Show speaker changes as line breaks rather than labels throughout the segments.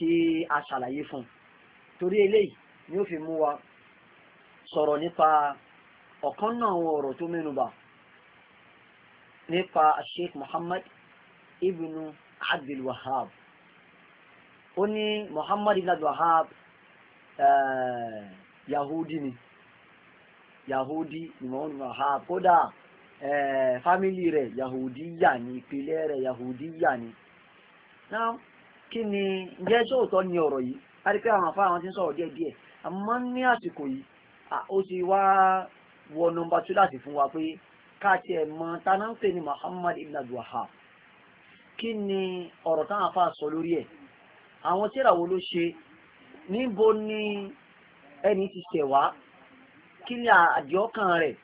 kí a ṣàlàyé fún un torí eléyìí ni ó fi mú wa sọ̀rọ̀ nípa ọ̀kan náà àwọn ọ̀rọ̀ tó mẹ́nubà nípa sheikh muhammad ibn abdul wahab ó ní muhammad ibn abdul wahab eh, yahudi ni yahudi muhammad ibn wahab kódà eh, fámìlì rẹ̀ yahudi yà ní ìpìlẹ̀ rẹ̀ yahudi yà ní kí ni ǹjẹ́ ṣé òótọ́ ni ọ̀rọ̀ yìí a rí pé àwọn afá àwọn ti ń sọ̀rọ̀ díẹ̀ díẹ̀ àmọ́ ní àsìkò yìí ó ti wá wọ nọ́mbà tú láti fún wa pé ká tiẹ̀ mọ tana ń pè ní Muhammad ibn abdulhab kí ni ọ̀rọ̀ táwọn afá sọ lórí ẹ̀ àwọn tíra wo ló ṣe níbo ni ẹni ti ṣẹ̀ wá kí ni àdìọ́kàn rẹ̀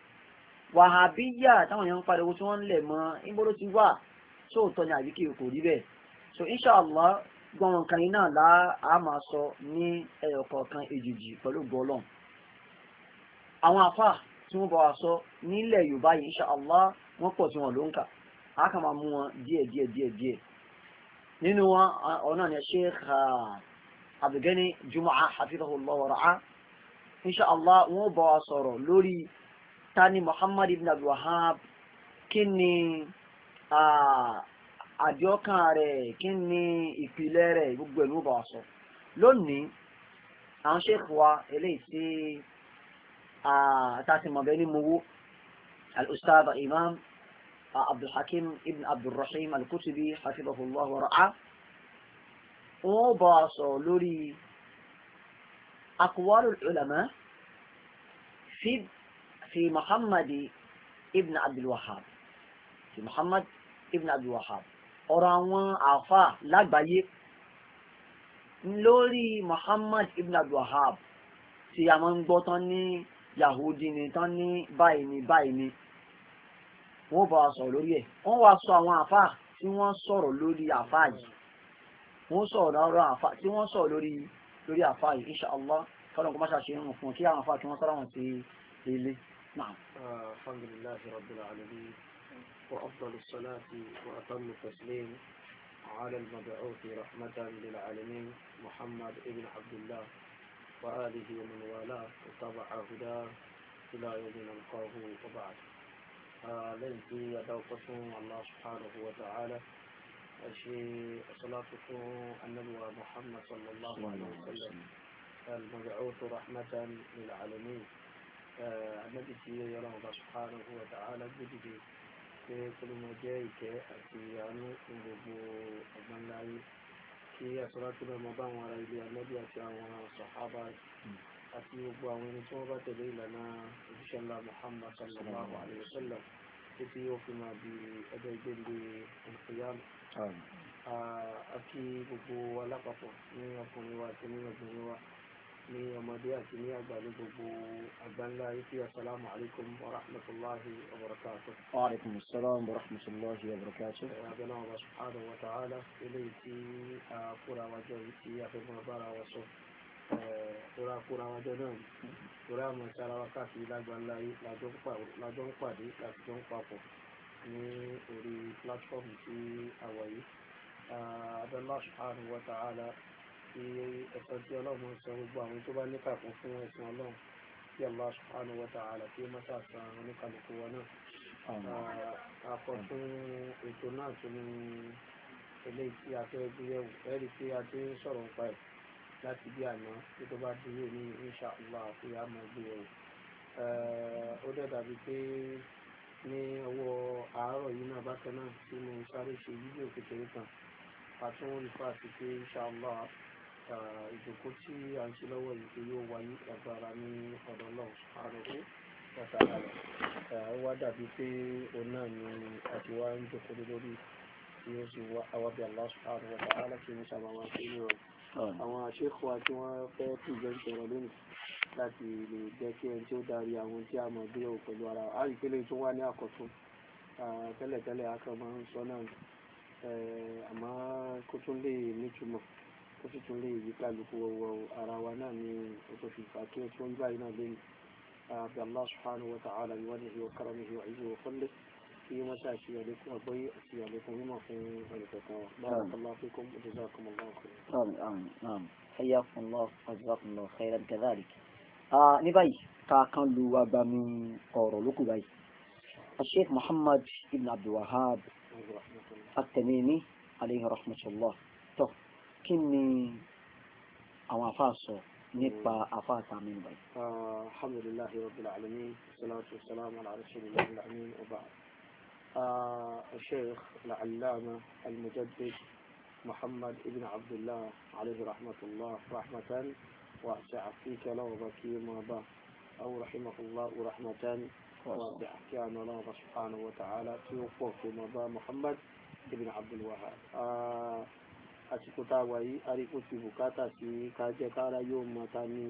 wàhábíyà táwọn èèyàn ń pariwo tí wọ́n ń lẹ̀ mọ́ níbo ti wà sóòótọ́ ni àbí kí kò rí bẹ́ẹ̀ so inshallah gbọ́n àwọn kan yìí náà là á máa sọ ní ẹyọ kọ̀ọ̀kan èjìjì pẹ̀lú gbọ́lọ́n àwọn afa tí wọ́n bá wa sọ nílẹ̀ yorùbá yìí insha Allah wọ́n pọ̀ tí wọ́n ló ń kà á kà máa mú wọn díẹ̀ díẹ̀ díẹ̀ díẹ̀ nínú wọn ọ̀nà ni sheikh ah, abdulgani jumaa hafizahullah wa ra'a insha Allah wọ́n bá wa sọ̀rọ̀ lórí tani muhammad ibn abdulwahab kí ni. Ah, àdìọ́kàn rẹ̀ kí ni ìpìlẹ̀ rẹ̀ gbogbo ẹ̀ ló bá sọ. lónìí àwọn ṣèkù wa eléyìí tí àtàtìmọ̀bẹ ní mowó al-ustaz imam abdulhakim ibn abdulrahim al-kutubi hafidhahullah wa ra'ah wọ́n bá a sọ lórí aqwalul ulama fi fi muhammad ibn abdulwahab fi muhammad ibn abdulwahab ọ̀rọ̀ àwọn àfà lágbàáyé lórí Muhammad ibn abdulhab tí a máa ń gbọ́ tán ní Yahudi ni tán ní báyìí ni báyìí ni wọ́n bá wa sọ̀rọ̀ lórí ẹ̀ wọ́n wá sọ àwọn àfà tí wọ́n sọ̀rọ̀ lórí àfà yìí wọ́n sọ̀rọ̀ ọ̀rọ̀ àfà tí wọ́n sọ̀rọ̀ lórí lórí àfà yìí insha fọlọ́n kó má ṣàṣe ń fún kí àwọn àfà kí wọ́n sọ̀rọ̀ wọn sí ilé náà. وأفضل الصلاة وأتم التسليم على المبعوث رحمة للعالمين
محمد بن عبد الله وآله ومن والاه وطبع هداه إلى يوم نلقاه وبعد لن يدوقكم الله سبحانه وتعالى أشي صلاتكم النبوة محمد صلى الله عليه وسلم المبعوث رحمة للعالمين آه، النبي يرى الله سبحانه وتعالى بجديد pé kólómọ jẹ́ ìkẹ́ àti àánú fún gbogbo ọgbọ́n láyé kí àsọ́lá tó lọ́mọ bá àwọn ará ilé ànábì àti àwọn sàhábà àti gbogbo àwọn ẹni tí wọ́n bá tẹ̀lé ìlànà òjíṣẹ́ Muhammad sallallahu alayhi wa sallam títí yóò fi máa di ọjọ́ ìgbéǹde ìfìyàmù. àti gbogbo alápapọ̀ ní ọkùnrin wa àti ní obìnrin wa ní ọmọdé àti ní àgbà ní gbogbo àgbáńlá ife asalaamu alaykum wa rahmatulahi wa barakatu.
wa alaykum salaam wa rahmatulahi wa barakatu. abẹ́nà
wa subhanahu wa ta'ala eléyìí tí a kóra wájọ yìí tí a fẹ́ mọ bára wa sọ kóra kóra wájọ náà kóra àmọ́ sára wa káàkiri lágbàńlá yìí lájọ́ ń pàdé láti jọ ń papọ̀ ní orí platform tí a yìí. abẹ́nà wa subhanahu wa ta'ala àti ẹ̀sọ́ tí ọlọ́run sọ gbogbo àwọn tó bá níkàkún fún ẹ̀sìn ọlọ́run tí Allah subhanahu wa ta'ala tí ó máa sàṣà oníkàlùkù wọn náà. àkọ́tún ètò náà tún ní eléyìí tí a fẹ́ gbé yẹ̀wò ẹ̀rí pé a ti ń sọ̀rọ̀ nípa ẹ̀ láti bí àná tí tó bá dúró ní insha Allah àti àmọ́ gbé yẹ̀wò. ó dẹ̀ dàbí pé ní ọwọ́ àárọ̀ yìí náà bákan náà tí mo sáré ṣe fídíò kékeré kan àtúnwò nípa àti pé insha Allah ìjòkó tí a ń ṣe lọ́wọ́ yìí pé yóò wáyé agbára ní ọ̀dọ̀ náà àròkó ọ̀tàlá ó wá dàbí pé òun náà ni a wá ń
jòkó lórí tí ó sì wá awábí Allah subhanahu wa ta'ala kí ní sábà wá sí ní ọ̀rọ̀ àwọn àṣekù àti wọn fẹ́ tì jẹ́ ìṣẹ̀rọ̀ lónìí láti lè jẹ́ kí ẹni tí ó
darí àwọn tí a mọ̀ bí ó pẹ̀lú ara wa àrí pé lè tún wá ní àkọ́tún tẹ́lẹ̀tẹ́lẹ̀ akọ̀ máa ń sọ náà àmọ́ kó tún lè nítumọ̀ ó sì tún lè yí kálukú wọ̀wọ̀ ara wa náà ní oṣù fìfà kí ó tún báyìí náà lẹ́yìn àbí Allah subhanahu wa ta'ala ní wọ́n ní ìwọ kára ní ìwọ ìwọ fọ́lẹ̀ kí wọ́n ṣe àṣì àlékún àgbọ́yé àti àlékún mímọ̀ fún ẹnìkọ̀kan wa. barakallahu fikum wa jazakumullahu
khairan. hayyakumullahu wa jazakumullahu khairan kadhalik. ní báyìí ká kan lu agbami ọ̀rọ̀ lókù báyìí. الشيخ محمد بن عبد الوهاب التميمي عليه kí ni àwọn àfáà sọ nípa àfáà sàmì ìgbà yìí. alhamdulilayi rabbil alamin salatu wassalamu ala rasulillahi alamin wa ba'd.
الشيخ العلامة المجدد محمد ابن عبد الله عليه رحمة الله رحمة واسعة فيك لغضة كيما به أو رحمه الله رحمة واسعة كان لغضة سبحانه وتعالى في وقوف كيما محمد ابن عبد الوهاب آه àsìkò tá a wà yìí aríkó ti bùkátà sí ká jẹ́ kára yóò mọ ta ní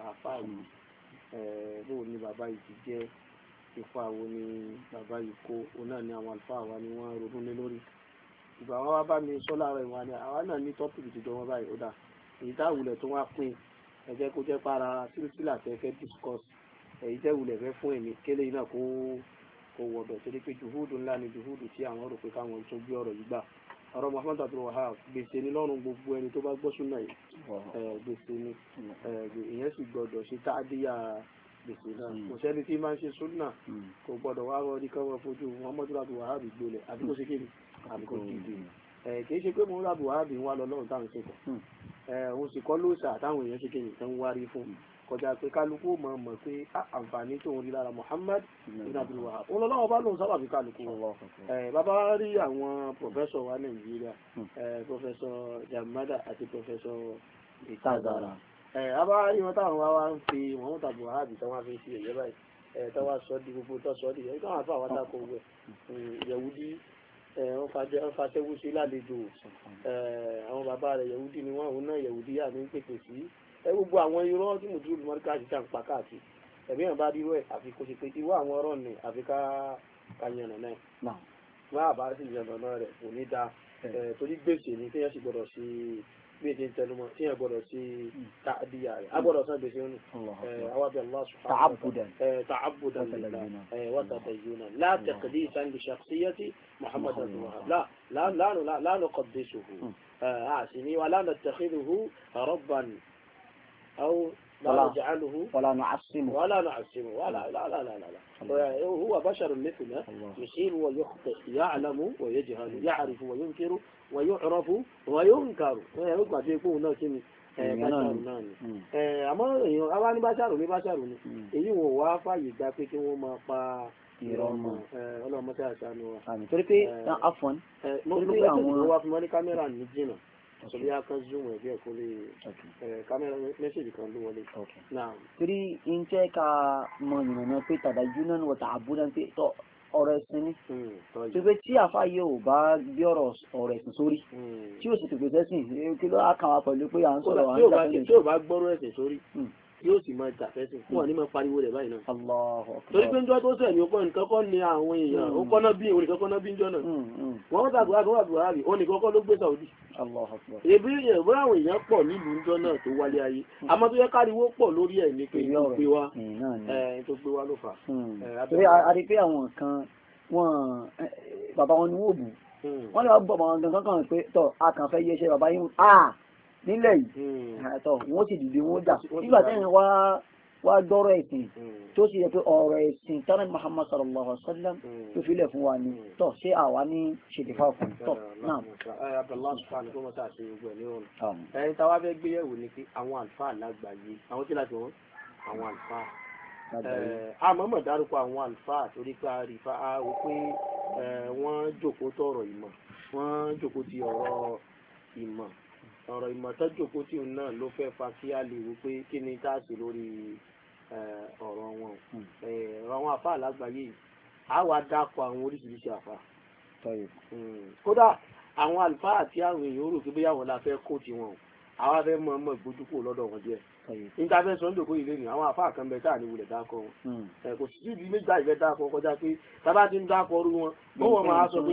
àáfàá yìí lóò ní bàbá yìí ti jẹ́ ipa wo ni bàbá yìí kó òun náà ni àwọn àlùfáà wa ni wọ́n ronú lé lórí ìgbà wọn wá bá mi sọ láàárọ̀ ìwà ni àwa náà ní tọ́pìkì ti jọ wọn báyìí ó dà èyí tá àwùlẹ̀ tó wá pín ẹ jẹ́ kó jẹ́ para sírísílà tẹ́ fẹ́ discuss èyí jẹ́ wùlẹ̀ fẹ́ fún ẹ̀mí kélé yìí náà kó kó wọ̀dọ̀ torí pé jùhúdù ńlá ni jùhúdù tí àwọn rò pé káwọn tó gbé ọ̀rọ̀ yìí gbà ọ̀rọ̀ Muhammad Abdul Wahab gbèsè ni lọ́rùn gbogbo ẹni tó bá gbọ́ súnà yìí gbèsè ni hmm. ìyẹn sì gbọdọ̀ ṣe táàdíyà gbèsè náà hmm. kò sẹ́ni tí máa ń ṣe súnà hmm. kò gbọdọ̀ wá rọ nìkan wọn fojú Muhammad Abdul Wahab gbolẹ̀ àbí kò ṣe kéde àbí kò dìde kì í ṣe pé Muhammad Abdul Wahab ń wá lọ lọ́run táwọn ṣe kọ̀ òun sì kọ́ lóòṣà táwọn èèyàn ṣe kéde tán wárí fún un kọjá pé kálukú mọ̀ mọ̀ pé ah, àǹfààní tó ń rí lára Muhammad ibn Abdul Wahab òun lọ́wọ́ bá lóun sábà bí kálukú bàbá rí àwọn pòfẹ́sọ̀ wa Nàìjíríà pòfẹ́sọ̀ hmm. Jamada àti pòfẹ́sọ̀ Tazara àbá rí wọn táwọn wá wá ń fi wọn tàbí wàhábì táwọn fi ṣe ẹ̀yẹ báyìí tọ́wọ́ sọ di gbogbo tọ́ sọ di ẹ̀ka àfa àwọn àtakò wẹ̀ hmm. hmm, yẹ̀wúdí ọ̀fàṣẹ́wúṣe lálejò àwọn bàbá rẹ̀ yẹ̀wúdí ni wọ́n àwọn náà yẹ̀wúdí àmì ń pèpè sí ẹ gbogbo àwọn irọ́ tí mùsùlùmí mọ́ríkà ti tàn pa káàkiri ẹ̀mí ẹ̀ bá rí rẹ̀ àfi kó ṣe pé irú àwọn ọ̀rọ̀ ni àfi ká kanyànnà náà wọ́n àbá sì yànnà náà rẹ̀ kò ní da torí gbèsè ni kéèyàn sì gbọ́dọ̀ sí gbèsè tẹnumọ́ kéèyàn gbọ́dọ̀ sí hmm. tàdíyà rẹ̀ agbọ́dọ̀ san gbèsè ònù awàbí Allah ta'abudan ta'abudan wa tadayyunan la taqdisan li shakhsiyati Muhammad أو لا نجعله ولا نعصمه ولا نعصمه ولا لا لا لا لا لا هو بشر مثلنا يصيب ويخطئ يعلم ويجهل يعرف وينكر ويعرف وينكر يبقى تكون ناكن báṣàrù náà ni àmọ́ èèyàn àwa ní báṣàrù ní báṣàrù ni èyí wò wá fàyè gba pé kí wọ́n máa pa ìrọmọ ọlọmọdé àṣà ni wa.
torí pé
afọn.
mo pé àwọn wa fún wọn ní kámẹ́rà ní So bóyá kan zoom ẹ̀ díẹ̀ kó lè kámẹ́rà eh, mẹ́sẹ̀jì kan ló wọlé.
torí n fẹ́ ka mọ ìrànà pé tàdá júná ni wọ́tà àbúdá pé tọ́ ọ̀rọ̀ ẹ̀sìn ni hmm, tó pé tí àfa yìí ò bá gbé ọ̀rọ̀ ọ̀rọ̀ ẹ̀sìn sórí hmm. tí ò sì tètè sẹ́sìn eh, kí ló á kàn wá pẹ̀lú pé à ń sọ̀rọ̀ à ń sọ̀rọ̀ tí ò
bá gbọ́rọ̀ ẹ̀sìn sórí hmm yóò sì máa jàfẹ́sìn fún hmm. wọn ní máa pariwo rẹ̀ báyìí náà. torí pé njọ́ tó sẹ̀ ọkọ nìkan kọ́ ni àwọn èèyàn hmm. ó kọ́ná bí òun nìkan kọ́ná bí njọ́ náà. Hmm, wọ́n tàbí wàá tàbí wàá rí òun nìkan ló gbé Saudi. èbí ìbúra àwọn èèyàn pọ̀ nílùú njọ́ náà tó wálé ayé àmọ́ tó yẹ káriwo pọ̀ lórí ẹ̀ ní pé eh, tó
gbé wa ló fà. àti eh, pé àwọn kan wọn eh, bàbá wọn ni wọn ò bù wọn ni wọn bọ̀ nílẹ̀ yìí hmm. àtọ̀ wọ́n ti dìde wọ́n jà nígbà tẹ́yìn wá wá dọ́rọ̀ ẹ̀sìn hmm. tó ti yẹ pé ọ̀rọ̀ ẹ̀sìn tánà Muhammad sallallahu alaihi wa sallam
hmm. tó filẹ̀
fún wa ni tọ̀ ṣé àwa ní ṣètìfà fún tọ̀ náà.
Abdullahi sufani kó mọ́tà ṣe gbogbo ẹ̀ ní ọ̀run. ẹni táwa fẹ́ gbé yẹ̀wò ni pé àwọn àlùfáà lágbàáyé àwọn tí láti wọ́n àwọn àlùfáà. àmọ́ mọ̀ dárúkọ àwọn àlùfáà torí pé a rí fa o pé wọ́n jókòó tọ̀rọ̀ ìmọ̀ wọ́n jókòó ti ọ̀rọ̀ ọ̀rọ̀ ìmọ̀tọ́jòkó tí òun náà ló fẹ́ fa kí a lè wò pé kí ni tá a ṣe lórí ọ̀rọ̀ wọn hmm. ọ̀rọ̀ àwọn àfa àlágbáyé a wá dákọ̀ àwọn oríṣiríṣi àfa. Hmm. kódà àwọn àlùfáà àti àwọn èèyàn rò pé bóyá wọn la fẹ́ kó tiwọn o àwa fẹ́ mọ ọmọ ìgbójúkò lọ́dọ̀ wọn díẹ̀ níta fẹ́ sọ ń dòkó ilé ni àwọn àfa kan bẹ táà ní wulẹ̀ dákọ̀ wọn hmm. kò sí ibi méjì láì fẹ́ dákọ̀ kọjá pé tábà ti ń dákọ̀ ọrú wọn ó wọ́n máa sọ pé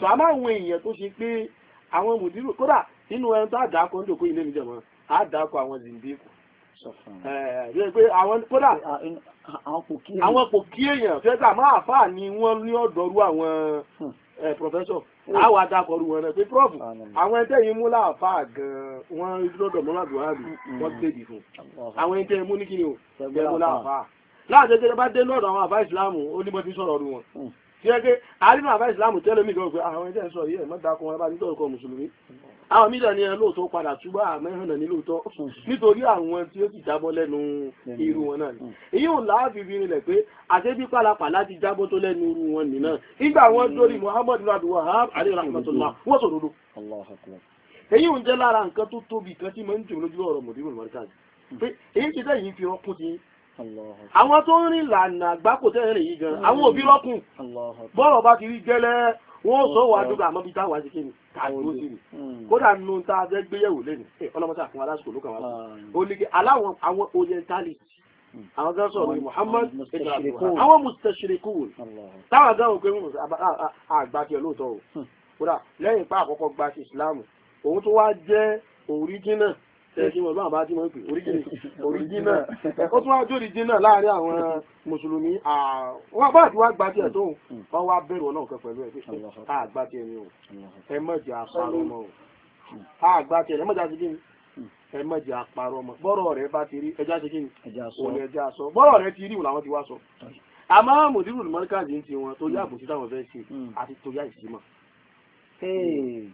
sọ àmọ́ àwọn èèyàn tó ṣe pé àwọn mùdírù kódà nínú ẹni tó àdàkọ ńdòkó ilé mi jẹ̀mọ́ àdàkọ àwọn zìndíkù eh, kódà àwọn kò kí èèyàn fẹ́ tà máa fà ní wọ́n ní ọ̀dọ́rú àwọn pọfẹ́sọ̀ àwọn adakọ̀rù wọn rẹ̀ pé prof àwọn ẹ̀tẹ́ yìí mú láàfà gan-an wọ́n lọ́dọ̀ mọ́lá buhari hmm, hmm. wọ́n gbèdì fún àwọn ẹ̀tẹ́ yìí mú ní kí ni o ẹ̀mú láàfà bá dé lọ́dọ̀ àwọn àbá ìsìlámù ó ní bọ́ ti sọ̀rọ̀ ọdún wọn. Hmm tí ẹ pé àríwá àbá ìsìláàmù tẹ́lẹ̀ mí gan pé àwọn ẹjẹ́ ń sọ yìí ẹ̀ mọ́ dákun ẹ bá nítorí kọ mùsùlùmí àwọn mídà ni lóòótọ́ padà túbọ̀ àmẹ́hànà ní lóòótọ́ nítorí àwọn tí ó ti jábọ́ lẹ́nu irú wọn náà ni èyí ò láàfin fi rinlẹ̀ pé àṣẹ́bí pàlàpà láti jábọ́ tó lẹ́nu irú wọn nì náà nígbà wọn lórí Muhammad radu wahab alayhi rahmatullah wọ́n sọ dodo èyí ò ń jẹ́ lára nǹkan tó tóbi kan tí mo ń jù lójú ọ̀rọ̀ mọ̀dínmọ̀
àwọn
tó ń rìn lànà àgbákò tẹ́ rìn yìí gan àwọn òbí lọ́kùn bọ́ọ̀lọ̀ bá ti rí gẹ́lẹ́ wọ́n sọ wà dúró àmọ́ bí táwọn àti kíni káàdúró sí ni kódà nù tá a fẹ́ gbéyẹ̀wò lẹ́nu ọlọ́mọta fún aláṣọ ló kàn wá ó ní kí aláwọn àwọn orientalist àwọn gan sọ̀rọ̀ ní Muhammad àwọn mustashirikun táwọn gan òkè mú àgbàkì ọlọ́tọ̀ o hmm. kódà lẹ́yìn pa àkọ́kọ́ gba ti Islam òun tó wá jẹ́ original ẹ̀kíwọ̀n bá bá tí mọ́ pè oríjìnà ó tún wá jó oríjìnà láàrin àwọn mùsùlùmí
àwọn
bá àti wá gba tiẹ̀ tóun wọ́n wá bẹ̀rù ọ̀nà ọ̀kan pẹ̀lú ẹ̀ pé a gba tiẹ̀ ni o ẹ mọ̀jẹ̀ àparọ́ mọ́ o a gba tiẹ̀ ẹ mọ̀jẹ̀ àti kí ni ẹ mọ̀jẹ̀ àparọ́ mọ́ bọ́rọ̀ rẹ bá ti rí ẹja ti kí ni òun ẹja sọ bọ́rọ̀ rẹ ti rí wọ́n làwọn ti wá sọ àmọ́ mùdírù mọ́ríkàdì ń ti wọn tó yá hmm. àbòsí táwọn fẹ́ ṣe hmm. àti tó yá ìsímọ̀ Hmm.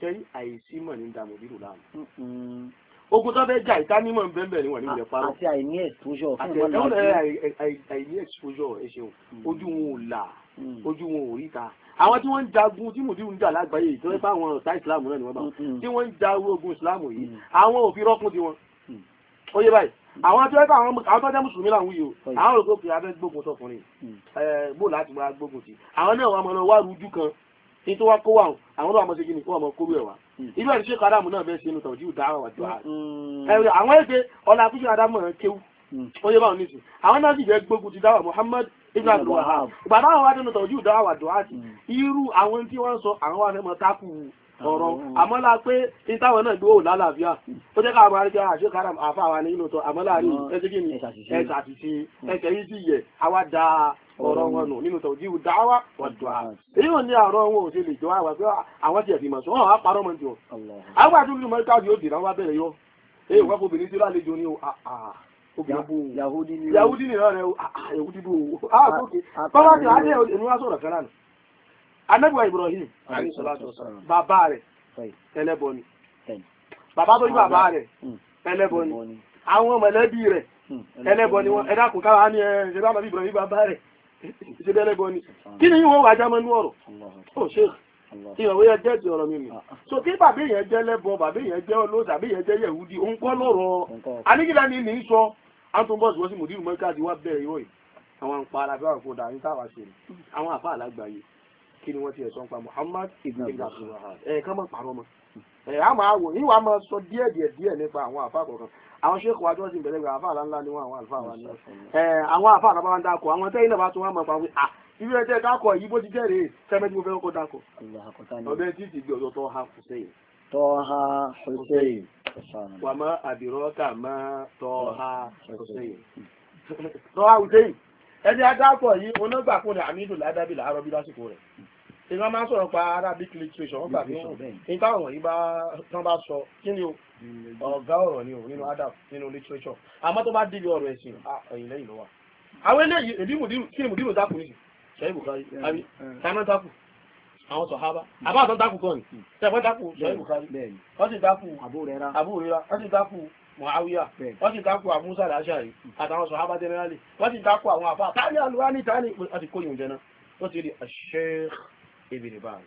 ṣẹ́rí àìsímọ̀ ní dàmú bírù láàmú. ogun tó fẹ́ jà ìtánímọ̀ ń bẹ́ẹ̀ ni wọ́n nílẹ̀ parọ́. àti àìní exposure fún ìwọ́n náà. àti àìní exposure ẹ ṣeun mm. ojú wọn ò là mm. ojú wọn ò ríta. àwọn tí wọ́n ń jagun tí mùdírù ń jà lágbàáyé tó fẹ́ fáwọn ọ̀tá ìsìláàmù náà ni wọ́n bá wọn tí wọ́n ń ja ogun ìsìláàmù yìí mm. àwọn ò fi rọ́kùn tiwọn. ó yé báyìí àwọn tí wọ́n bá àwọn àwọn tó jẹ́ mùsùlùmí làwọn yìí o àwọn olùkọ́ fi abẹ́ gbógun sọkùnrin bó láti máa gbógun sí àwọn náà wà mọ̀ lọ wá rújú kan ní tó wá kó wà àwọn ọmọ ṣe gíní wọ́n mọ̀ kó wẹ̀ wá ìlú hmm. ẹ̀rí ṣe kọ́ adámù náà bẹ́ẹ̀ ṣe inú tàwọn jíù dáhà wàjú àárẹ̀
hmm.
àwọn ẹ̀ṣẹ̀ ọ̀la àfíṣe adámù rẹ̀ kéwù hmm. ó yẹ báwọn nísìn àwọn náà sì fẹ́ gbógun ti dáwà Muhammad ibn Abdul Wahab ìgbà táwọn wá dénú tàwọn jíù dáhà wàjú àti irú àwọn tí wọ́n sọ àwọn wà fẹ́ mọ tákù ọ̀rọ̀ àmọ́lá pé ìtawọ̀ náà gbówó lálàáfíà ó jẹ́ káàmù àríkà àṣíkàrà àfáwà ní inú tọ́ àmọ́lá rí ẹ̀ṣẹ́ kí ni ẹ̀ṣàṣìṣe ẹ̀ṣẹ̀ yìí sì yẹ àwádàá ọ̀rọ̀ wọn nù nínú tọ̀jíwù dáwà wọ̀dùà èyí wọn ní àrọ wọn ò ṣe lè jọ àwà pé àwọn ti ẹ̀fìmọ̀ sọ wọn parọ́ mọ́ ti wọn àwọn àti olùmọ̀ káàdì ó dìrà wá bẹ̀rẹ̀ yọ èyí wọn fobìnrin tí ó lálejò ní ah, ah, o
yahudi ni rẹ
o ah, yahudi bò o bàbá tí adé ẹni wá sọ̀rọ̀ kan náà anabiwa Ibrahim bàbá rẹ̀ ẹlẹ́bọ ni bàbá tó ní bàbá rẹ̀ hmm. ẹlẹ́bọ ni àwọn mọ̀lẹ́bí rẹ̀ hmm, ẹlẹ́bọ ni wọn ẹ̀dá kò káwa ni ẹ̀ ṣe bá bàbá Ibrahim bàbá rẹ̀ ṣe bẹ́ẹ̀ lẹ́gbọ́n ni kí ni yíwọ́n wà jámọ́ ní ọ̀rọ̀ ó ṣe ìyàn wọ́n yẹ jẹ́ ti ọ̀rọ̀ mi mi ah, ah. so kí bàbá yẹn jẹ́ lẹ́bọ̀ bàbá yẹn jẹ́ olóòtú bàbá yẹn jẹ́ yẹ̀wúdi ó ń kọ́ lọ́rọ̀ anigila ni ní sọ antombos wọ́n sì mú dírú mọ́ká ti wá bẹ̀rẹ̀ yóò yìí àwọn àǹpa alábẹ́ àwọn kò dàní táwa ṣe ni àwọn àfa àlágbáyé kí ni wọ́n ti ẹ̀sọ́ ń pa Muhammad ibn Abdul Wahab ẹ̀ ká má parọ́ mọ́ ẹ̀ á máa wò yín wàá máa sọ díẹ̀ díẹ̀ díẹ̀ nípa àwọn àfa kọ̀ọ̀kan àwọn ṣéèkù wa tí wọ́n ti bẹ̀rẹ̀ gbà àfáà ńlá ni wọ́n àwọn àlùfáà wa ní àwọn àfáà náà bá wọn dákọ̀ àwọn tẹ́yìn náà bá tún wọn mọ̀ pàwọn à ibi ẹ̀jẹ̀ dákọ̀ yìí bó ti jẹ́ rèé sẹ́mi tí mo fẹ́ kó dákọ̀
ọ̀bẹ tí ti gbé ọ̀dọ̀ tó ha Hussein. Tọ́ha Hussein. wà
má àbírọ́kà má Tọ́ha Hussein. Tọ́ha Hussein ẹni adákọ̀ yìí onígbàkùn ni àmì ìdùnnú adábì làárọ̀ bí lásìkò rẹ̀ ìgbà máa ń sọ̀rọ̀ pa Arabic literature wọ́n gbà pé nǹkan àwọn yìí bá tán bá sọ kí ni o ọ̀gá ọ̀rọ̀ ni o nínú adab nínú literature àmọ́ tó bá dìbò ọ̀rọ̀ ẹ̀sìn ẹ̀yìn lẹ́yìn ló wà. àwọn eléyìí èbí mùdírù kí ni mùdírù dákù nìyí sẹ́yìn bùkárí àbí táná dákù àwọn sọ̀hábà àbá àtọ́ dákù kọ́ ni sẹ́yìn dákù sẹ́yìn bùkárí wọ́n sì dákù àbúrẹ́ra wọ́n sì dákù mọ̀háwíyà wọ́n sì dákù àmúsà làṣàrí àtàwọn sọ̀hábà jẹ́nẹ́rálì wọ́n sì dákù àwọn àfà táyà lùwání táyà ní ìpín àti kóyùn jẹ́nà ó ti di àṣẹ ìbìrìbáàrì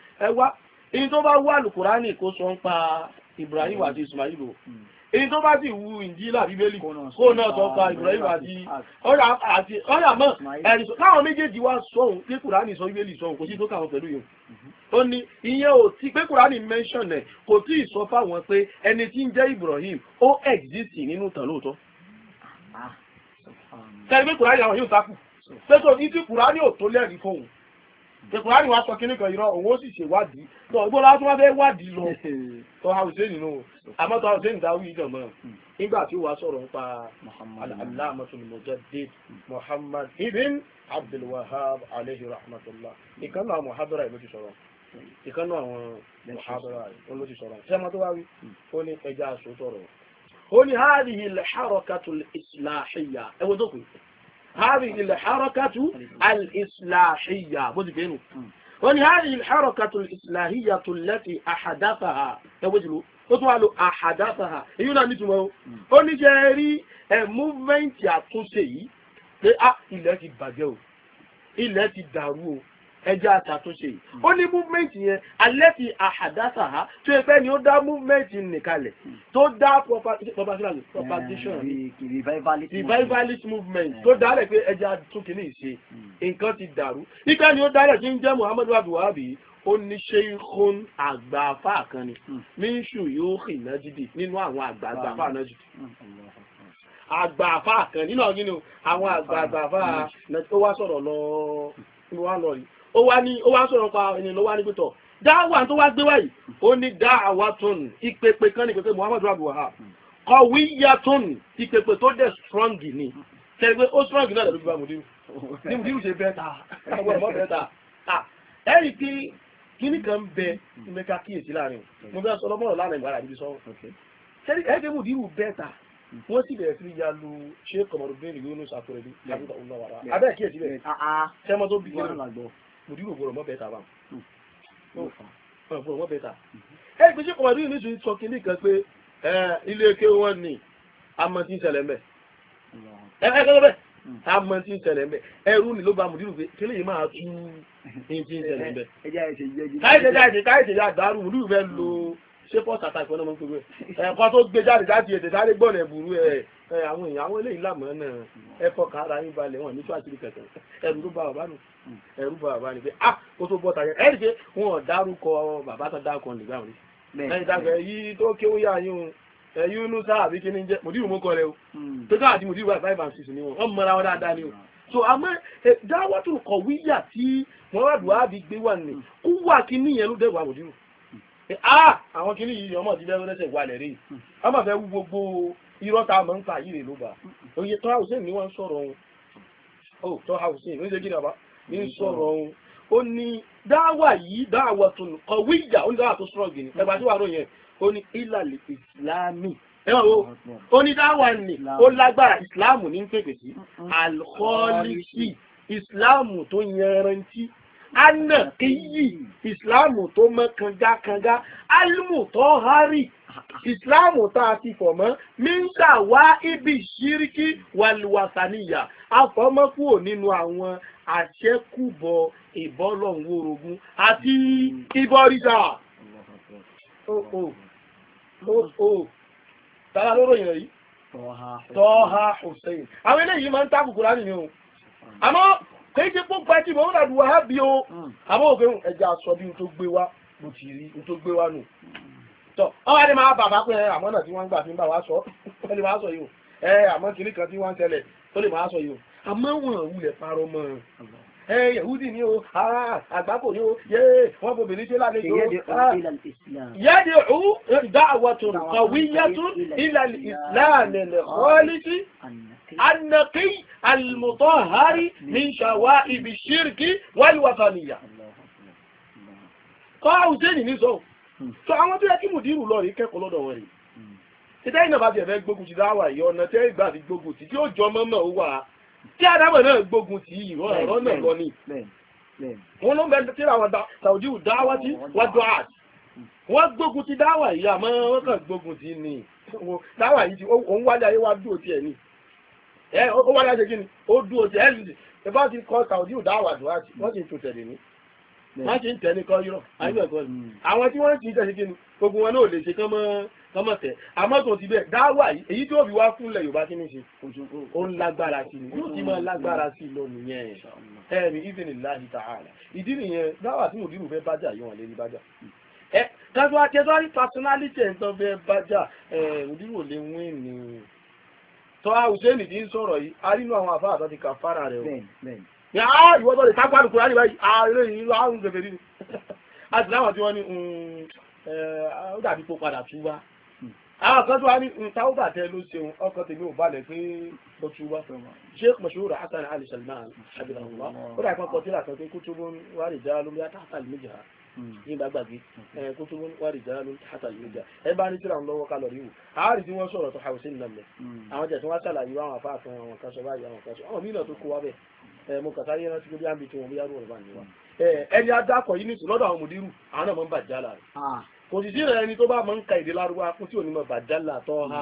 ẹ wá èyí tó bá wà lùkùránì kó sọ ń pa Ibrahim mm. àti Ismail èyí mm. tó bá sì wù ìjìlá bíbélì kó náà sọ pa ah, Ibrahim àti ọ̀rà mọ̀ ẹ̀rì sọ káwọn méjèèjì wá sọ̀hún pé kùránì sọ bíbélì sọ̀hún kò sí tó káwọn pẹ̀lú yòó mm-hmm. ó ní ìyẹn ò ti pé kùránì mention ẹ̀ kò tí ì sọ fáwọn pé ẹni tí ń jẹ́ Ibrahim ó exist nínú tàn lóòótọ́
tẹ́lifí ah, ah, kùránì àwọn yóò
sákù pé tó ní tí kùránì ò tó lẹ́rìí fóun ìkùránì wa sọ kíní kan irọ́ òun ó sì ṣèwádìí tó igbó láti wá fẹ́ wádìí lọ tó ha hussein nù àmọ́ tó ha hussein dáwí ìjọba nígbà tí wàá sọ̀rọ̀ nípa aláàmọ̀tún mujaddid muhammad ibn abdulwahab alayhi rahmatullah ìkan náà muhabara ìlú ti sọ̀rọ̀ ìkan náà àwọn muhabara ìlú ti sọ̀rọ̀ ṣé ọmọ tó wá wí ó ní ẹja àṣọ sọ̀rọ̀ ó ní hádìhì lẹ́hàrọ̀kàtù ìsìláhìyà ẹwọ́n tó kù هذه الحركة الإصلاحية بوزي ولهذه الحركة الإصلاحية التي أحدثها تبوزلو وتوالو أحدثها يونا نتمو أولي جاري موفمنت يا توسي ilẹ̀ ti bàjẹ́ o ilẹ̀ ti dàrú o ẹjẹ́ àtàtúnṣe yìí ó ní movement yẹn alẹ́fi àhàdásà ha tó ẹgbẹ́ ni ó dá movement nìkalẹ̀ tó dá propagation revivalist movement tó dálẹ̀ pé ẹjẹ́ àtúnkì ní ìṣe hmm. nǹkan ti dàrú nígbà ni ó dálẹ̀ tí ń jẹ́ Muhammadu Abdulwahabi ó ní ṣeéhón àgbà afá kan ni míṣù yóò hì náà jìdì nínú àwọn àgbà àgbà afá náà hmm. hmm, kan nínú àwọn àgbà àgbà afá ó wá sọ̀rọ̀ lọ wá lọ rí ó wá ní ó wá sọ̀rọ̀ pa ènìyàn ló wá ní pẹ̀tọ̀ dáwà tó wá gbé wáyìí ó ní dáàwà tún ìpèpè kan ní pẹ̀pẹ̀ Muhammadu Abdul Wahab kọ̀wíyà tún ìpèpè tó dẹ̀ strong ni tẹ̀lé pé ó strong náà lẹ́nu bíbá mùdírù ní mùdírù ṣe bẹ́ẹ̀ta ọgbọ̀n mọ́ bẹ́ẹ̀ta ẹ̀rì kí kíní kan bẹ mẹ́ka kíyèsí láàrin mo bẹ́ẹ̀ sọ lọ́mọ́rọ̀ lánàá ìgbàlá níbi sọ́wọ́ wọ́n sì bẹ̀rẹ̀ sí ya lu ṣé kọ̀mọ̀rọ̀ bẹ́ẹ̀ ni Yunus àkọrẹ́bí lábúkà ọ̀nà wàrà abẹ́ẹ̀ kíyèsí bẹ́ẹ̀ ṣẹ́mọ́ tó bí kí mùdírò bọ̀rọ̀ mọ́ bẹ́ta báwọn bọ̀rọ̀ mọ́ bẹ́ta ẹ gbé ṣé kọ̀mọ̀dé ní ṣùgbọ́n sọ kínní kan pé ilé eke wọn ni amọ̀ tí ń ṣẹlẹ̀ mẹ́ ẹ ẹ kẹ́kẹ́ bẹ́ẹ̀ amọ̀ tí ń ṣẹlẹ̀ mẹ́ ẹrú ni ló ba mùdírò pé kílè yìí máa tún ní ti ń ṣẹlẹ̀ mẹ́ káyìí ṣe káyìí ṣe àdárù mùdírò fẹ́ lo ṣé pọ́ọ̀tà àwọn èèyàn àwọn eléyìí làmọ́ náà ẹ fọkàn ara yín balẹ̀ wọn ní tó àṣírí kẹsàn ẹrù ló bá bàbá nù ẹrù bá bàbá nù pé ah kó tó bọ́ tàyẹ ẹ rí i pé wọn ò dárúkọ bàbá tó dárúkọ nígbà wọn ẹyin dàgbà èyí tó kéwú yá yín o ẹyin inú sáà àbí kíní jẹ mòdìrú mọ kọrẹ o tó hmm. káà tí mòdìrú five and six ni wọn wọn mọra wọn dáadáa ni o so àmọ́ dáwọ́tò kọ̀ wíyà tí wọn wá dùn ábí gbé wà ní kó ah àwọn kíní yìí ọmọ ti dẹ́rọ́ lẹ́sẹ̀ wà lẹ́rìí hmm. ọmọ irọ́ tá a mọ̀ ń pa yìí rè ló bá oye tọ́ hausen ni wọ́n ń sọ̀rọ̀ òun ó tọ́ hausen ní ṣégin àbá ní ń sọ̀rọ̀ òun ó ní dáwà yìí dáwà tó nù ọ̀wé ìjà ó ní dáwà tó sọ̀rọ̀ gìnì ẹgbàá tí wàá rò yẹn ó ní ìlàlẹ̀ ìsìlámì ẹ wà wo ó ní dáwà nì ó lágbára ìsìlámù ní pèpè sí alkọ́lísì ìsìlámù tó yanrantí anà kéyì ìsìlámù tó mọ́ kangakanga alimu tó hárì ìsìláàmù tá a ti fọ̀ mọ́ míńtà wá ibi ṣíríkì wàlúwàsánìyà àfọmọ́ kúrò nínú àwọn àṣẹkùbọ̀ ìbọ́lọ̀hún orogún àti ìbọ̀rìjà. tààrà lóró yìí rẹ̀ yìí tọ́ha hussein àwọn eléyìí máa ń tábùkù láti yìí o àmọ́ kì í ṣe pọ́ pẹ́ẹ́tì mọ́ ọ́nà bí o hmm. àmọ́ òkè ẹja sọ bí n tó gbé wá mo ti rí n tó gbé wá nù. Hmm sọ wọ́n wá ní máa bàbá pé àmọ́ náà tí wọ́n ń gbà fi ń bà wá sọ ó lè máa sọ yìí o ẹ àmọ́ kìnnì kan tí wọ́n ń tẹ̀lẹ̀ ó lè máa sọ yìí o àmọ́ wọn ò wulẹ̀ parọ́ mọ́ ẹ yahudi ni o àgbákò ni o yé wọn bò bìnrin tí lálejò yẹ́dì ọ̀hún da'watun qawiyyatun ila al-islam al-khalid an-naqi al-mutahhar min shawa'ib ash-shirk wal-wathaniyya. kọ́ àwùjẹ́ nìyí sọ so àwọn tó yẹ kí mùdírù lọ rí kẹ́kọ̀ọ́ lọ́dọ̀ wọn rè títẹ́ iná bá ti ẹ̀fẹ́ gbógun ti dáwà yìí ọ̀nà tẹ́ ìgbà ti gbógun ti tí ó jọ mọ́mọ́ ó wà tí adámọ̀ náà gbógun ti yìí ọ̀rọ̀ náà lọ ni wọn ló ń bẹ tí àwọn sàwùjíù dáwà tí wọ́n jọ àt wọ́n gbógun ti dáwà yìí àmọ́ wọ́n kàn gbógun ti ni dáwà yìí òun wájà yìí wá dúró tiẹ̀ ni ó wájà ṣe kí ni ó dúró tiẹ̀ ẹ̀ bá ti kọ́ sàwùjíù dáwà jọ àt wọ́n ti tún tẹ̀lé ni má ṣe ń tẹ̀ ní kọ́yọ́ àyẹ̀kọ́ hmm. hmm. àwọn tí wọ́n ti ń tẹ̀sí kíni gbogbo wọn náà lè ṣe kán mọ́ tẹ̀ àmọ́ tó ti bẹ́ẹ̀ dáwà yìí èyí tí ó fi wá fúnlẹ̀ Yorùbá kí ni ṣe ó ń lágbára sí i yóò ti máa hmm. lágbára sí i lọ nìyẹn ẹ̀mí ìdínláhi tààlà ìdí nìyẹn dáwà tí mòdìrú fẹ́ bájà yìí wọn lè rí bájà ẹ kájú akẹ́tọ́ rí personality ẹ̀ ń tán fẹ́ bájà ẹ̀ mòdìrú ò lè wín ni tọ́ àwùjẹ́ nìdí ń sọ̀rọ̀ yìí arínú àwọn àfáà àtọ́ ti kà fara rẹ̀ o ní àá ìwọ́tọ̀ lè tápá lùkúrá ní báyìí ààrẹ ìlú àrùn gẹ̀gẹ̀ nínú àti láwọn tí wọ́n ní hmm, ó dàbí kó padà tú wá àwọn kan tó wá ní hmm, táwọn bàtẹ ló ṣeun ọkọ tèmi ò balẹ̀ pé ó tú wá sheikh mashura hasan ali salman abdulhamid hmm. ó dàbí kọ́ tíra kan pé kutubun warija lórí àtàkàlì méjì ha ní gbàgbàgbé kutubun warija lórí àtàkàlì méjì ha ẹ bá ní tíra ń lọ́wọ́ kálọ̀ ríwò àárí tí wọ́n sọ̀rọ̀ tó hausin nàmẹ́ àwọn jẹ̀ tí wọ́n sàlàyé àwọn àfáàfin àwọn kan sọ báyìí àwọn kan sọ àwọn mílíọ̀nù tó kó wá bẹ́ẹ̀ Eh, mo kàtà yẹn rántí gbogbo àmì tí wọn bóyá rúwọ̀n bá ní wa ẹni adákọ̀ eh, yìí nìtò lọ́dọ̀ àwọn mùdírù àwọn náà máa ń bàjá là rẹ̀ ah. kò sì sí ẹni tó bá máa ń ka èdè lárúbá kún tí òní máa bàjá là tọ́ ha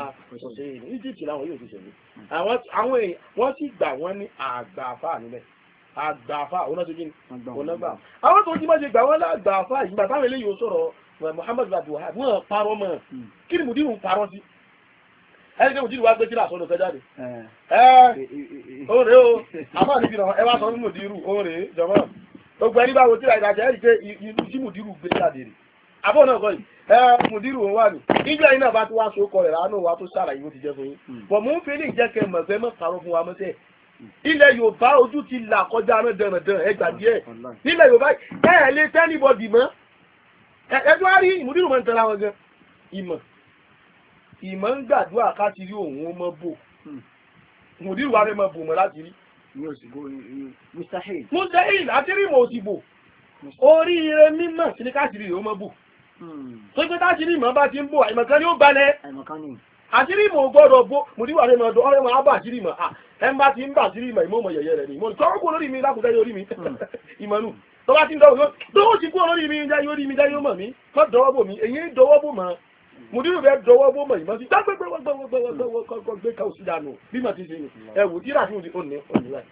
ṣe mm, ní Egypt làwọn yóò ti ṣèlú mm. àwọn èèyàn wọ́n sì gbà wọ́n ní àgbàfà nílẹ̀ àgbàfà òun náà ti gbìn òun náà gbà àwọn tó ti máa ṣe gbà wọ́n lágbàfà yìí bàtà àwọn eléyìí ó sọ̀rọ̀ Muhammadu abdulhab wọ́n parọ́ mọ́ mm ẹni tí mùdírù wá gbé kílà sọ́nà fẹ́jáde ọ̀rẹ́ o àbá níbi náà ẹwà sọ fún mùdírù ọ̀rẹ́ jọmọ́ gbogbo ẹni bá wo tíra ìdájẹ́ ẹ̀rí pé ìlú tí mùdírù gbé jáde rè àbọ̀ náà kọ́ yìí mùdírù òun wà ní ìjọ yìí náà bá ti wá so kọ rẹ̀ láàánú wa tó ṣàlàyé bó ti jẹ́ fún yín hmm. bọ̀ mú fi ní ìjẹ́ kẹ mọ̀fẹ́ mọ̀ parọ́ fún wa mọ́tẹ́ ilẹ̀ Yorùbá ojú ti là kọjá náà dẹ̀rẹ̀dẹ̀rẹ̀ ẹgbà díẹ̀ nílẹ̀ Yorùbá ẹ̀ ẹ̀ lè tẹ́ níbọ̀dì mọ́ ẹ̀ ẹ̀ tó wá rí mùdírù mọ́ ń tẹ́ra wọn gan ìmọ̀ ìmọ̀ ń gbàdúrà káti rí òun ó mọ́ bò mùdírù wa fẹ́ mọ́ bò mọ́ láti rí. mustahil láti rí mọ̀ òsì bò oríire mímọ̀ sí ni káti rí òun mọ́ bò hmm. tó pé táti rí ìmọ̀ bá ti ń bò àìmọ̀kan ni ó balẹ̀ àṣírí ìmọ̀ gbọ́dọ̀ bó mùdírù wa fẹ́ mọ́ ọdún ọ̀rẹ́ máa bà àṣírí ìmọ̀ ẹ̀ ń bá ti ń bà àṣírí ìmọ̀ ìmọ̀ yẹ̀yẹ̀ rẹ̀ ni ìmọ̀ tó kún lórí mi lákùnjẹ́ yóò rí mi hmm. ìmọ̀ nù tó bá ti ń dọ́wọ́ mi jáyé ó rí mi jáyé ó mọ̀ mi kọ́ mi èyí ń dọ́wọ́ mùdírù bẹ dọwọ́ bó mọ̀ ìmọ̀ sí dágbégbé wọ́gbọ́gbọ́gbọ́ gbé ká òsì dànù bí mà ti ṣe ẹ wò tí láti òní òní òní láì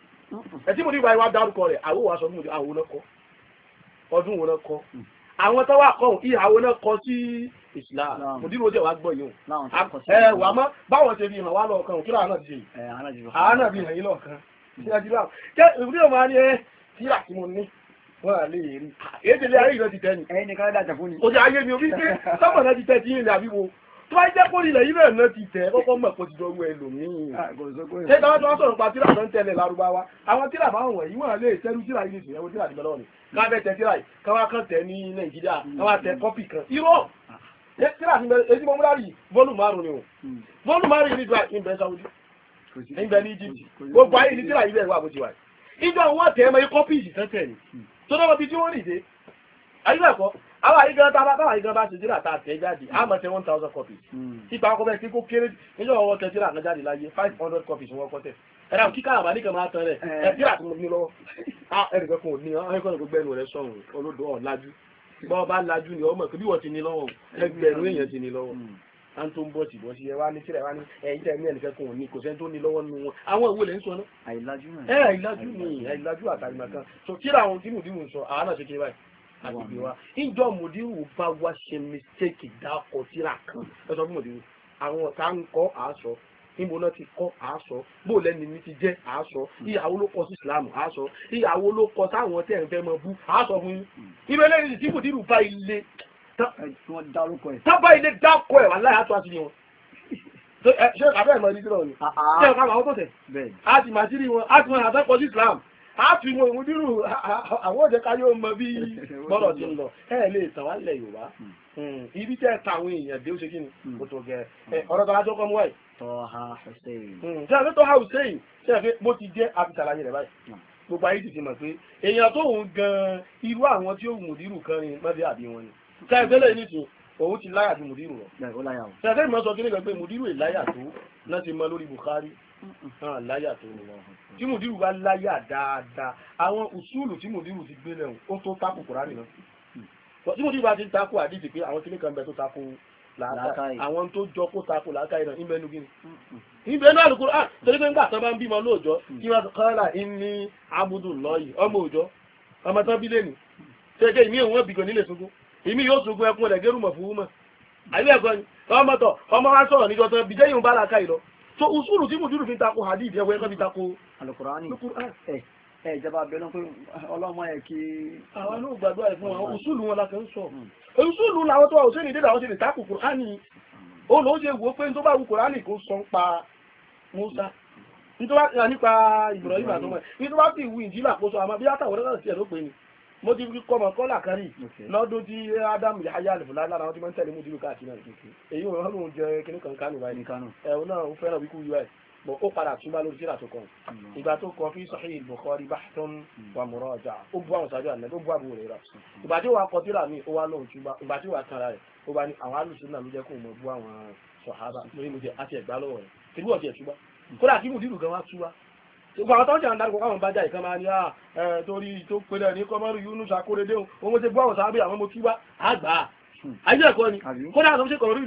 ẹ tí mùdírù báyìí wá dárúkọ rẹ̀ àwọn wàá sọ fún mùdírù àwọn onákọ ọdún wọn kọ àwọn tó wà kọ ìhà àwọn náà kọ sí Islam mùdírù ó jẹ wàá gbọ́ yìí o ẹ wà má báwọn ṣe fi hàn wá lọ́ọ̀kan òkúrò àwọn náà ti ṣe àwọn náà fi hàn yín lọ́ọ̀kan àfáà lè rí. èdè ilé ayé ìrọ̀ ti tẹ́ ni. ẹni kan dájà fún ni. òjò ayé mi orí pé sábà náà ti tẹ́ ti ìrìn àbí wo. tó bá jẹ́ pé ilẹ̀ yìí náà náà ti tẹ́ kọ́kọ́ mọ̀ pé ti dọ̀rú ẹ lò míì. ṣé táwọn tó wá sọ̀rọ̀ pa tíra náà ń tẹ̀lé Lárúbáwá àwọn tíra bá wọ̀nyí wọ́n lè tẹ́rú tíra yìí nìsín ẹ̀wọ̀n tíra ìbẹ̀lọ́ ni. káfẹ́ tẹ tíra yìí káwá kan tẹ ní Nàìjíríà káwá tẹ kọ́pì kan. irọ́ tíra ti bẹ èyí mo múra rí fọ́ọ̀lù o fọ́ọ̀lù hmm. márùn yìí nígbà ìbẹ̀ Saudi ìbẹ̀ ní Egypt gbogbo ayé ní tíra yìí bẹ̀ wà bó ti wà. ìjọ àwọn àtẹ̀ ẹ̀mọ yìí tó lọ́wọ́ bí tí wọ́n rìndé ayílẹ̀kọ́ àwọn àyíkan tá a bá àyíkan bá ṣe jíra tá a tẹ̀ jáde a máa tẹ one thousand copies ipa hmm. ọkọ̀ bẹ́ẹ̀ kí kó kéré níjọ́ ọwọ́ tẹ jíra kan jáde láyé five hundred copies wọ́n kọ́ tẹ̀ ẹ̀rọ kíkà àbálí kan máa tán rẹ̀ eh. ẹ̀ jíra tó ní lọ́wọ́ ah, ẹnìkan kan ò ní ọ̀hún ẹ̀kọ́ gbẹ́nu rẹ̀ sọ̀rùn olódò ọ̀làjú bọ́ọ̀ bá làjú ni ọmọ ìkébí wọ́n ti ní lọ́wọ́ ẹgbẹ̀rún èèyàn ti ní lọ́wọ́ hmm à ń tó ń bọ̀ sí bọ́ sí ẹ wá ní tíra ẹ wá ní ẹ̀yìn tẹ̀ ní ẹnìkan kan ò kò sẹ́ni tó ní lọ́wọ́ nínú wọn àwọn ìwé lẹ̀ ń sọ náà. àìlájú ni àìlájú ni àìlájú àtàrí màkan so tíra àwọn tí mùdí sọ àwọn náà ṣe kí báyìí àgbègbè wa ìjọ mùdí bá wá ṣe mistake dákọ̀ tíra kan ẹ sọ fún mùdí àwọn ọ̀tá ń kọ́ àásọ níbo náà ti kọ́ àásọ bó lẹ́ni mi ti jẹ́ àásọ ìyàwó ló kọ sí ìsìlámù àásọ ìyàwó ló kọ sáwọn tẹ̀ ń fẹ́ mọ bú àásọ fún yín ìbẹ̀lẹ̀ ní ìdìbò dìrù bá ilé tábà ilé dákọ ẹ̀ wà láyé àtúwàsí ni wọn ṣé àbẹ́ ẹ̀ mọ̀ ní sílọ̀ ni ah, ah. ṣé ọ̀ká àwọn tó tẹ̀ á ti màá sírí wọn á ti wọn àtẹ́kọ̀ọ́ sí Islam á fi wọn òun dírù àwọn òde ká yóò mọ bí bọ́lọ̀ ti ń lọ ẹ̀ lè tàn wá lẹ̀ Yorùbá hmm. Hmm, ibi tẹ́ tàwọn èèyàn dé ó ṣe kí ni hmm. ó tó gẹ ọ̀rọ̀ tó lájọ́ kọ́ mú wáyé.
Tọ́ha Hussein.
ṣé àfẹ́ Tọ́ha Hussein ṣé àfẹ́ mo ti jẹ́ abitalaye rẹ̀ báyìí gbogbo ayé ti ti mọ̀ pé èèyàn tó òun gan-an irú àwọn tí ó mùdírù kan ni mọ́bí àbí wọn ni ká ìfẹ́lẹ̀ ní tù òun ti láyà ju mùdírù lọ. ṣàkẹ́ ìmọ̀ sọ kíní kan pé mùdírù è láyà tó náà ti mọ lórí Bukhari náà láyà tó ni wọn. tí mùdírù bá láyà dáadáa àwọn ùsùlù tí mùdírù ti gbé lẹ́hùn ó tó takò Kùránì náà. tí mùdírù bá ti ń takò àdìsí pé àwọn kíní kan bẹ tó takò làákàyè àwọn tó jọ kó takò làákàyè náà ìbẹnu gíní. ìbẹnu àlùkò ah torí pé nígbà tó bá ń bímọ lóòjọ́ mm. kí wọ́n kọ́lá ìmí yóò tún gun ẹkún rẹ̀ gẹ́rù mọ̀ fún mọ́ àbí ẹ̀kọ́ ni ọmọ tọ̀ ọmọ wa sọ̀rọ̀ níjọ tán bìjẹ́ yìí ń bá làákà yìí lọ so usuru tí mùjúrù fi ń tako hadith ẹ̀wọ̀ ẹ̀kọ́ fi tako. alukurani ẹ ẹ ìjọba abẹ náà pé ọlọ́mọ ẹ kí. àwọn inú gbàdúrà ìfún wa usulu wọn la kàn ń sọ hmm. usulu làwọn tó wà òsèlè dé làwọn ti lè tako kurani hmm. ó ló ṣe wò pé tó bá wù kurani kó sọ ń pa Musa nítorí nípa Ibrahim àtọmọ nítorí wá sí ìwú ìjìlá àkóso àmọ́ bí látàwọn ọ̀rẹ́ náà ti ẹ̀ ló pè ní mo ti fi kọmọ kọ́là kan rí lọ́dún tí Adam Yahaya alifula lára wọn ti máa ń tẹ̀lé mú dìrú káàkiri náà èyí wọn ló ń jẹ kíní kan kánú báyìí ẹ̀hún náà ó fẹ́ràn wíkú us bọ̀ ó padà túbá lórí síra tó kọ mm. ìgbà tó kọ fi Sahih Bukhari bahthun mm. wa muraja'a ó bu àwọn sáájú àná ó bu àbúrò rẹ̀ rà ìgbà tí wàá kọ síra mi ó wá lóhùn túbá ìgbà tí wàá tara rẹ̀ ó bá ní àwọn alùsùn náà ló jẹ́ kó mọ̀ bu àwọn sọ̀hábà mo ní mo jẹ àti ẹ̀gbá lọ́wọ́ rẹ̀ tìbú ọ̀tí ẹ̀ túbá mm. kódà kí mo dìrú gan wá túbá gbogbo àwọn tọ́jú àwọn darúgbó káwọn bá jà ìkan máa ní à ah, torí tó pẹlẹ ní kọmọrù Yunus Akóredé o mo ti bú àwọn sábẹ àwọn mo kí wá àgbà hmm. ayé ẹ̀kọ́ ni kódà àwọn tó ṣe kọmọrù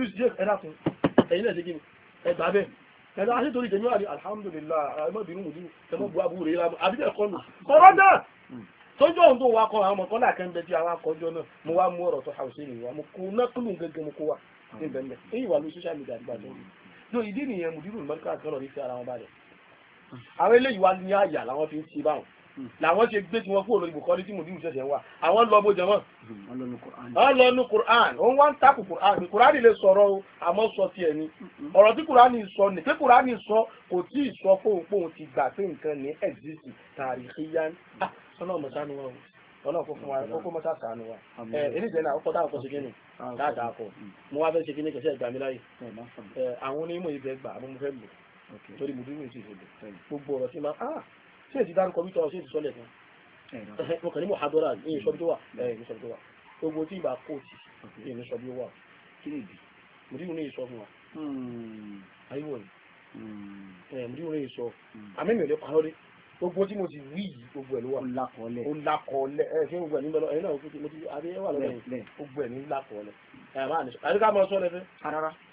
alhamdulillah ẹ̀mọ́bìnrin mùdí ẹ̀mọ́ bu abúrò yìí lábọ̀ àbí ẹ̀kọ́ nù hmm. kọ́rọ́ náà hmm. tójú ọ̀hún tó wá kọ́ àwọn ọmọ kọ́lá kan bẹ tí àwọn akọjọ́ náà mo wá mú ọ̀rọ̀ tó hausa ni wa mo kó nákùlù gẹ́gẹ́ mo kó wa níbẹ̀ níbẹ̀ èyí wà social media àdìgbà ìdí nìyẹn mùdírù mọ́ríkà kan lọ́ọ́ ní fi ara wọn balẹ̀ àwọn eléyìí wá ní àyà làwọn fi ń ṣe báwọn làwọn ṣe gbé tí wọn kúrò lórí bùkọ́lí tí mòdìrú ṣẹ̀ṣẹ̀ ń wà àwọn lọ bó jẹmọ́ ọlọ́nu Qur'an òun wá ń takò Qur'an Qur'an lè sọ̀rọ̀ o àmọ́ sọ tiẹ̀ ni ọ̀rọ̀ tí Qur'an sọ ni pé Qur'an sọ kò tí ì sọ fóun póun ti gbà pé nǹkan ní exist tàríkíyán mm. ah, sọ́nà ọmọdánù wa o ọlọ́run kó fún wa mm. kókó mọ́tà sànù wa ẹ eléjẹ náà ọkọ táwọn kọ ṣe kíni ah, dáadáa kọ mm. mo wá fẹ́ ṣe kíni kẹsẹ́ ìgbàmíláyè eh, eh, àwọn onímọ̀ ibẹ̀ gbà àmọ́ mo fẹ́ lò torí mo dúró ìṣèlú gbogbo ọ̀rọ̀ sí máa ah ṣé èsì dárúkọ bí tọ́ ṣé èsì sọ́lẹ̀ fún mo kàn ní mo hadọ́ra ní ìṣọ́bí tó wà ní ìṣọ́bí tó wà gbogbo tí ìbá kóòtì ní ìṣọ́bí tó wà kí ni ìdí mo dúró ní ìṣọ́ fún wa hmm. ayíwọ̀ ni hmm. mo dúró ní ìṣọ́ hmm. àmẹ́mi ò lè parọ́ dé gbogbo tí mo ti rí yìí gbogbo ẹ̀ ló wà lakọọlẹ ó lakọọlẹ ẹ ṣé gbogbo ẹ̀ níbẹ̀ lọ ẹ̀yin náà mo ti àbí ẹ wà lọ́wọ́ yìí gbogbo ẹ̀ ní lakọọlẹ ẹ̀ máa ní sọ àdúgbò àmọ́ sọ lẹ́fẹ̀ẹ́.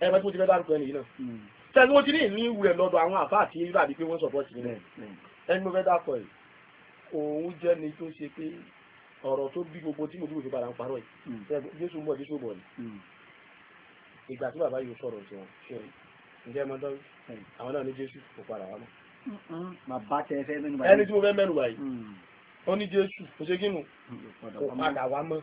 ẹ̀rọ tí mo ti fẹ́ dárúkọ ẹni yìí náà tẹ́lẹ̀ hmm. mo ti ní ìní ìwú rẹ̀ lọ́dọ̀ àwọn àfáà tí rírà bíi pé wọ́n sọ̀pọ̀ sí náà hmm. Hmm. ẹni mo fẹ́ dárúkọ ẹ̀ òun jẹ́ ni tó ṣe pé ọ̀rọ̀ tó bí gbogbo tí mo dúró fi padà ń parọ́ yìí Jésù ń bọ̀ Jésù bọ̀ ni ìgbà tí bàbá yóò sọ̀rọ̀ sí wọn ṣe ǹjẹ́ mo dọ́rí àwọn náà ní Jésù kò padà wá mọ́. ẹni tí mo fẹ́ mẹ́nu báyìí ó ní Jésù kò ṣe kí mu kò padà wá mọ́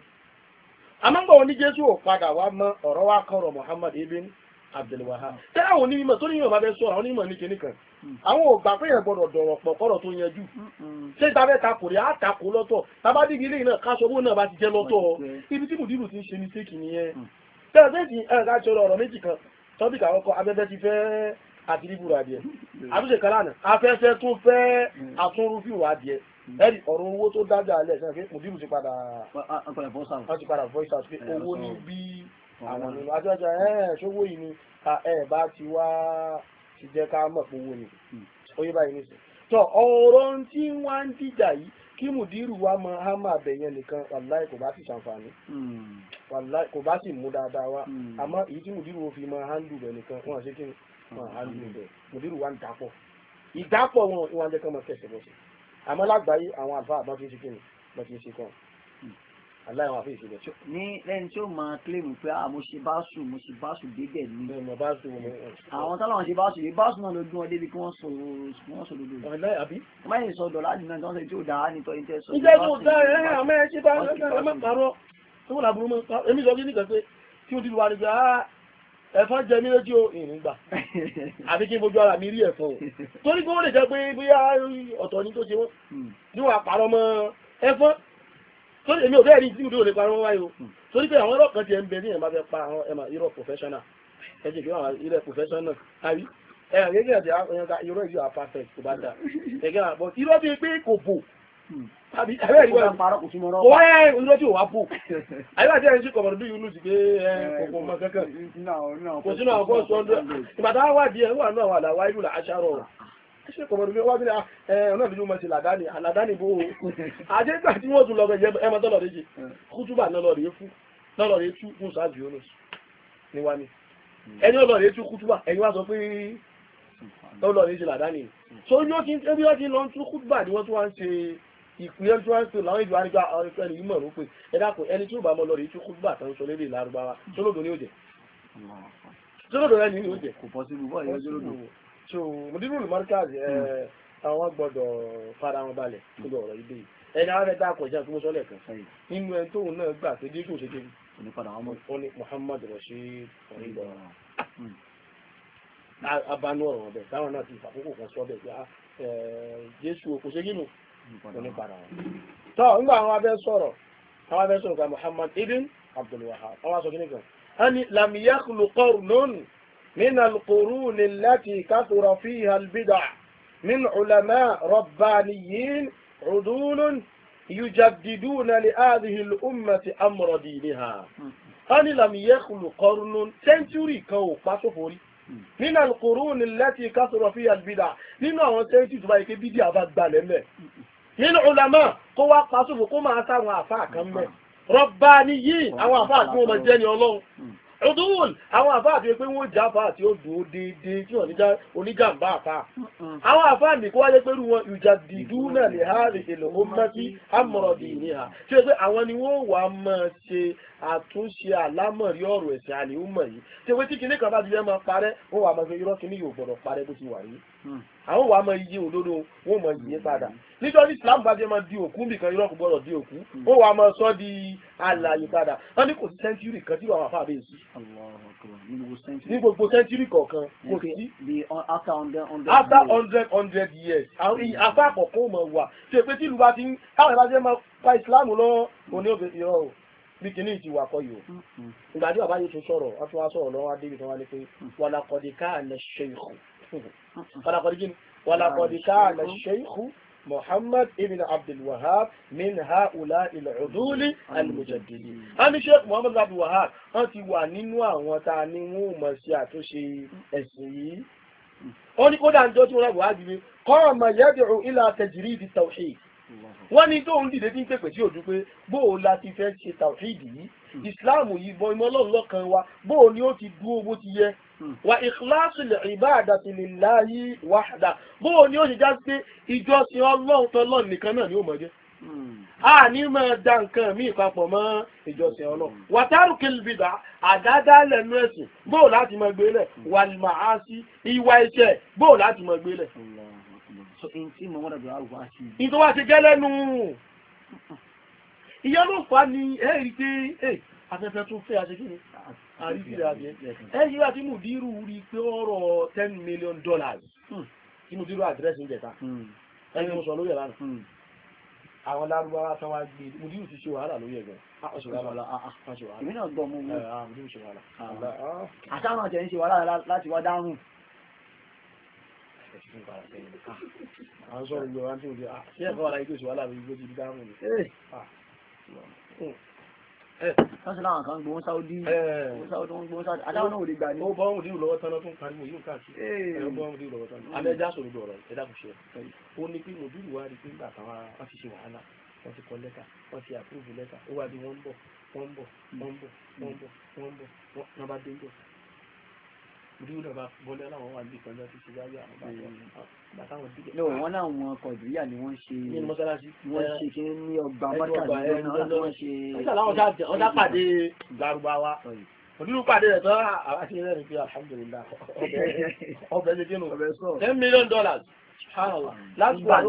àmọ́ ń bọ̀ ó ní Jésù ò padà wá mọ́ ọ̀rọ̀ wa kọ̀rọ̀ Muhammad ibn Abdulwahab tẹ́lá àwọn onímọ̀ tó níyàn bá fẹ́ sọ̀rọ̀ àwọn onímọ̀ ní kinní kan hmm. àwọn ògbà pé yẹn gbọdọ̀ dọ̀rọ̀ pọ̀ kọ́rọ̀ tó yanjú hmm. ṣé ìta fẹ́ ta kò rí àtakò lọ́tọ̀ tábà dìgbì ilé náà káṣọ owó náà bá ti jẹ́ lọ́tọ̀ ibi tí mùdírù ti ń ṣe ní séèkì nìyẹn tẹ́lá hmm. tẹ́lá ti ẹ̀ka ṣọ̀rọ̀ ọ̀rọ̀ méjì kan tọ́bí kàwọn kọ abẹ́fẹ́ ti fẹ́ àdìríbùrù adìẹ àtúnṣe owó tó dájà alẹ́ sẹ́yìn pé mùdírù ti padà fọ́ ìsàtúnṣe owó ní bíi àwọn nínú àjọjọ ẹ ṣówó yìí ni ẹ bá ti wá ti jẹ́ ká mọ̀ pé owó ni ó hmm. yé báyìí nìsín tọ ọ̀rọ̀ tí wọ́n ń dìjà yìí kí mùdírù wa mọ hámà àbẹ̀yẹn nìkan wàláì kò bá sì ṣàǹfààní hmm. wàláì kò bá sì mú dáadáa wá hmm. àmọ́ èyí tí mùdírù wo fi mọ hándù rẹ̀ nìkan wọ́n ṣe kí ni wọ́n hándù rẹ̀ mùdírù wa ń dàpọ̀ ìdàpọ̀ wọn ìwọ̀n jẹ́ kán mọ̀ kẹsẹ̀
bọ̀sẹ̀ àmọ́ lágbàáyé àwọn àlùfáà bá fi ṣe kí ni bá fi ṣe kàn aláìwọ̀n àfi ìṣẹ̀lẹ̀. ní lẹ́yìn tí ó máa kílèmù pé a ah, mo ṣe báṣù mo ṣe báṣù débẹ̀ ni. bẹ́ẹ̀ni báṣù mo. àwọn táwọn ṣe báṣù yìí báṣù náà ló dún ọ débi kí wọ́n sọ wọ́n sọ lódò. ọ̀lẹ́ àbí. báyìí sọ dọ̀lá náà tí wọ́n ṣe tí ó dáa ní tọ́yìn tẹ́ sọ. ìjẹ́ tó dáa ẹ̀ ẹ̀ àmọ́ ṣe bá ẹ má parọ́
tó wọ́n làbúrú mọ́ èmi sọ kíní kan pé tí ó ti lu àdìgbà ah, ẹ̀fọn jẹ mí o torí pé ó lè jẹ́ pé bóyá ọ̀tọ̀ ni tó torí èmi ò bẹ́ẹ̀ rí ìdíwòdó lè parọ́ wáyé o torí pé àwọn irọ́ kan ti ẹ̀ ń bẹ ní ẹ̀ máa fẹ́ pa àwọn ẹ̀mà irọ́ professional ẹ jẹ́ kí wọ́n irọ́ professional àbí ẹ̀ gẹ́gẹ́ àti àwọn irọ́ ìlú àpapẹ̀ kò bá dà ẹ̀gẹ́ àbọ̀ irọ́ bíi pé kò bò àbí ìwé wáyé tí ṣe kọ̀mọ̀dù fi wá bí ẹ̀rọ náà fi jùmọ̀ sí làdáni àlàdáni bó o àti ìgbà tí wọ́n tún lọ gẹ̀jẹ̀ ẹmọ tọ́lọ̀ rẹ̀ jẹ kútúbà lọ́lọ́rẹ̀ fún lọ́lọ́rẹ̀ tú fún sáàbì olóṣù ní wá ní ẹni ọlọ́rẹ̀ tú kútúbà ẹni wá sọ pé lọ́lọ́rẹ̀ ṣe làdáni so yóò ti ẹbí wọ́n ti lọ tú kútúbà ni wọ́n tún wá ń ṣe ìpínlẹ̀ tí wọ́n ń pè láwọn ìjọ àrígbà ẹni yìí mọ̀ ló pé ẹ dákun ẹni tí ó bá mọ lọ rèé tí kútúbà tán sọ lédè lárúbáwá sólódò ni ó jẹ sólódò rẹ ni ó jẹ kò pọ̀ sí ibùbọ̀ ìyẹn sólódò so mudirul markaz àwọn eh, hmm. gbọ́dọ̀ fara wọn balẹ̀ lórí ọ̀rọ̀ ilé yìí ẹni àwọn ẹ̀dá àkọjá tó mú sọ́lẹ̀ kan nínú ẹni tóun náà gbà pé dídùn ṣe débi ó ní Muhammad Rashid onígbà hmm. abánú ọ̀rọ̀ ọ̀bẹ táwọn náà ti fàkókò kan sọ bẹ́ẹ̀ pé ah, eh, Jésù òkú ṣe gínú onípadà wọn. tọ́ nígbà àwọn abẹ́ sọ̀rọ̀ àwọn abẹ́ sọ̀rọ̀ kan Muhammad ibn Abdul Wahab àwọn aṣọ kìnnìkan. a ní lónìí من القرون التي كثر فيها البدع من علماء ربانيين عدول يجددون لهذه الأمة أمر دينها أن لم يخل قرن سنتوري كو فاسفوري من القرون التي كثر فيها البدع من àwọn سنتوري تبا يكي بدي أباد بالمه من علماء كوا فاسفو كما أسا وعفا كمه ربانيين أو عفا كما جاني الله ọdún àwọn àfáà tí ó pé wọ́n já àfáà tí ó dúó déédéé tí wọ́n oníjàmbá àfáà àwọn àfáà ní kó wáyé pẹ̀lú wọn ìjà dìdú náà lè háàrí èlò ó mọ́ sí àmọ̀rọ̀dì ìníhà tí ó pé àwọn ni wọ́n wà máa ṣe àtúnṣe àlámọ̀rí ọ̀rọ̀ ẹ̀sìn àlè àwọn wàá máa yí òdodo wọn máa yí padà nítorí islam bá jẹ́ máa di òkú nìkan irọ́ kò gbọ́dọ̀ di òkú ó wàá máa sọ di àlàyé padà wọn ní kò sí sẹ́ńtúrì kan tí wàá wà fáàbẹ̀ sí. ní gbogbo sẹ́ńtúrì kọ̀ọ̀kan kò sí. after hundred hundred years after àkọ́kọ́ ò máa wà ṣe pé tí ìlú bá ti ń káwọn ìbáṣẹ́ máa pa islam lọ́wọ́ òní òbí irọ́ o bí kìíní ti wà kọ́ yìí
o
ìgbà tí bàbá yìí tún sọ̀rọ̀ wọ́n tún wá sọ̀rọ̀ lọ́wọ́ adébìtàn wa ní pé wàlàkọ̀dé káà ní ṣe ìkù ọ̀làkọ̀dí gíní ọ̀làkọ̀dí káàlà ṣeéhù Muhammad ibn Abdul Wahab min haula il-uduli al-mujaddidi. A mm-hmm. ní Sheikh Muhammad ibn Abdul Wahab, wọ́n ti wà nínú àwọn ta ni wọ́n mọ̀ sí àtúnṣe ẹ̀sìn yìí. Ó ní kódà ń jọ́ tí wọ́n lábọ̀ wá gbìyànjú. Qama yad'u ila tajrid at Wọ́n ní tóun dìde tí pèpè sí òdu pé la ti fẹ́ ṣe tawhid yìí ìsìláàmù yìí bọ ìmọ̀ ọlọ́run lọ́kàn wa bóò ni ó ti dúró bó ti yẹ hmm. wa ìkíláàsì lè ìbáàdàtì lillahi wahda bóò ni ó ti já sí pé ìjọsìn ọlọ́run tọ́lọ́run nìkan náà ni ó mọ̀ jẹ́ hmm. a ní máa da nǹkan míì papọ̀ mọ́ ìjọsìn ọlọ́run hmm. wàtárù kìlìbìdà àdáda lẹ́nu ẹ̀sìn bóò láti máa gbé lẹ̀ wàlìmọ̀ á sí ìwà iṣẹ́ bóò láti máa gbé lẹ̀. ìtọ́wá ti gẹ́lẹ́nu ìyá ló fà ní ẹ̀rí pé afẹ́fẹ́ tún fẹ́ aṣekínú àríkìlẹ̀ àbí ẹ̀yí láti mú dírú rí pé ọ̀rọ̀ ten million dollars hmm. tí mú dírú àdírẹ́sì ń jẹta hmm. ẹni mo sọ lórí ẹ̀ lánàá hmm. àwọn lárúbáwá tán wá gbé mú dírú ti ṣe wàhálà lórí ẹ̀gbẹ́ ah,
ah. èmi náà gbọ́ mú àtàwọn àjẹ́ ń ṣe wàhálà ah. láti wá dárùn àwọn sọ̀rọ̀ ìgbọ̀wá tí ó di àṣẹ́kọ̀ọ́
ara ikú ìṣòwò aláàbò ìgbó ti di dárùn ni eh. Tọ́sílá àwọn kan gbóhùn Sáúdí, gbóhùn Sáúdí, gbóhùn Sáúdí, adáwọn náà ò lè gbà ní. Ó bọ́ Hmm. wọ́n
láwọn kọ̀dúyà ni wọ́n ṣe wọ́n ṣe kí ní ọgbà mọ́tàlẹ́ náà wọ́n ṣe. wọ́n ṣe pàdé
Lárúbáwá onínú pàdé rẹ̀ tán àti ẹ̀rẹ́ rẹ̀ pé alhamdulillah ọbẹ̀ ṣe kínú ten million dollars last one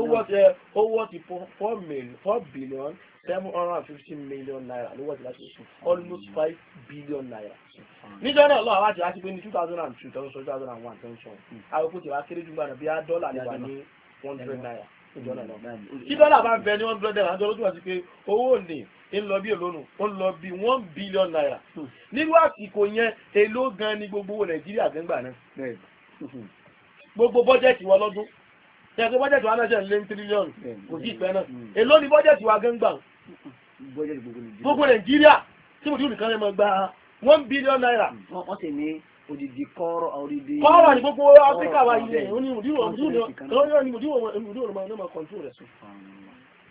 owó ti four billion seven hundred and fifty million naira ló wọ́ọ̀tì láti oṣù almost five billion naira. níjọ́ náà lọ́wọ́ àwọn àti láti pé ní two thousand and two thousand two thousand and one tọ́sán àwọn kò tí wàá kéré jù gbàdàn bí dọ́là lè wà ní one hundred naira níjọ́ náà lọ. Hmm. tí dọ́là bá ń bẹ ní one hundred naira níjọ́ ló túmọ̀ sí pé owó ní ń lọ bí èlónù ó ń lọ bí one billion naira. Hmm. nínú àsìkò yẹn èló gan ni gbogbo owó nàìjíríà gbẹ́ngbà náà hmm. gbogbo bọ́jẹ̀tì wọ lọ́dún ṣe é pé bọ́jẹ̀tì wa náà ṣe ń lé ní tírílíọ̀nù kò sí ìpẹ́ náà èló ni bọ́jẹ̀tì wa gẹ́ngbà gbogbo nàìjíríà tí mo ti rú nìkan lè máa gba one billion naira. wọ́n sì ní odidi kọ́rọ̀ odidi. kọ́rọ̀ ni gbogbo áfíríkà wa ilẹ̀ òní mùdíwò mùdíwò máa kọ̀ntún rẹ̀ sùn.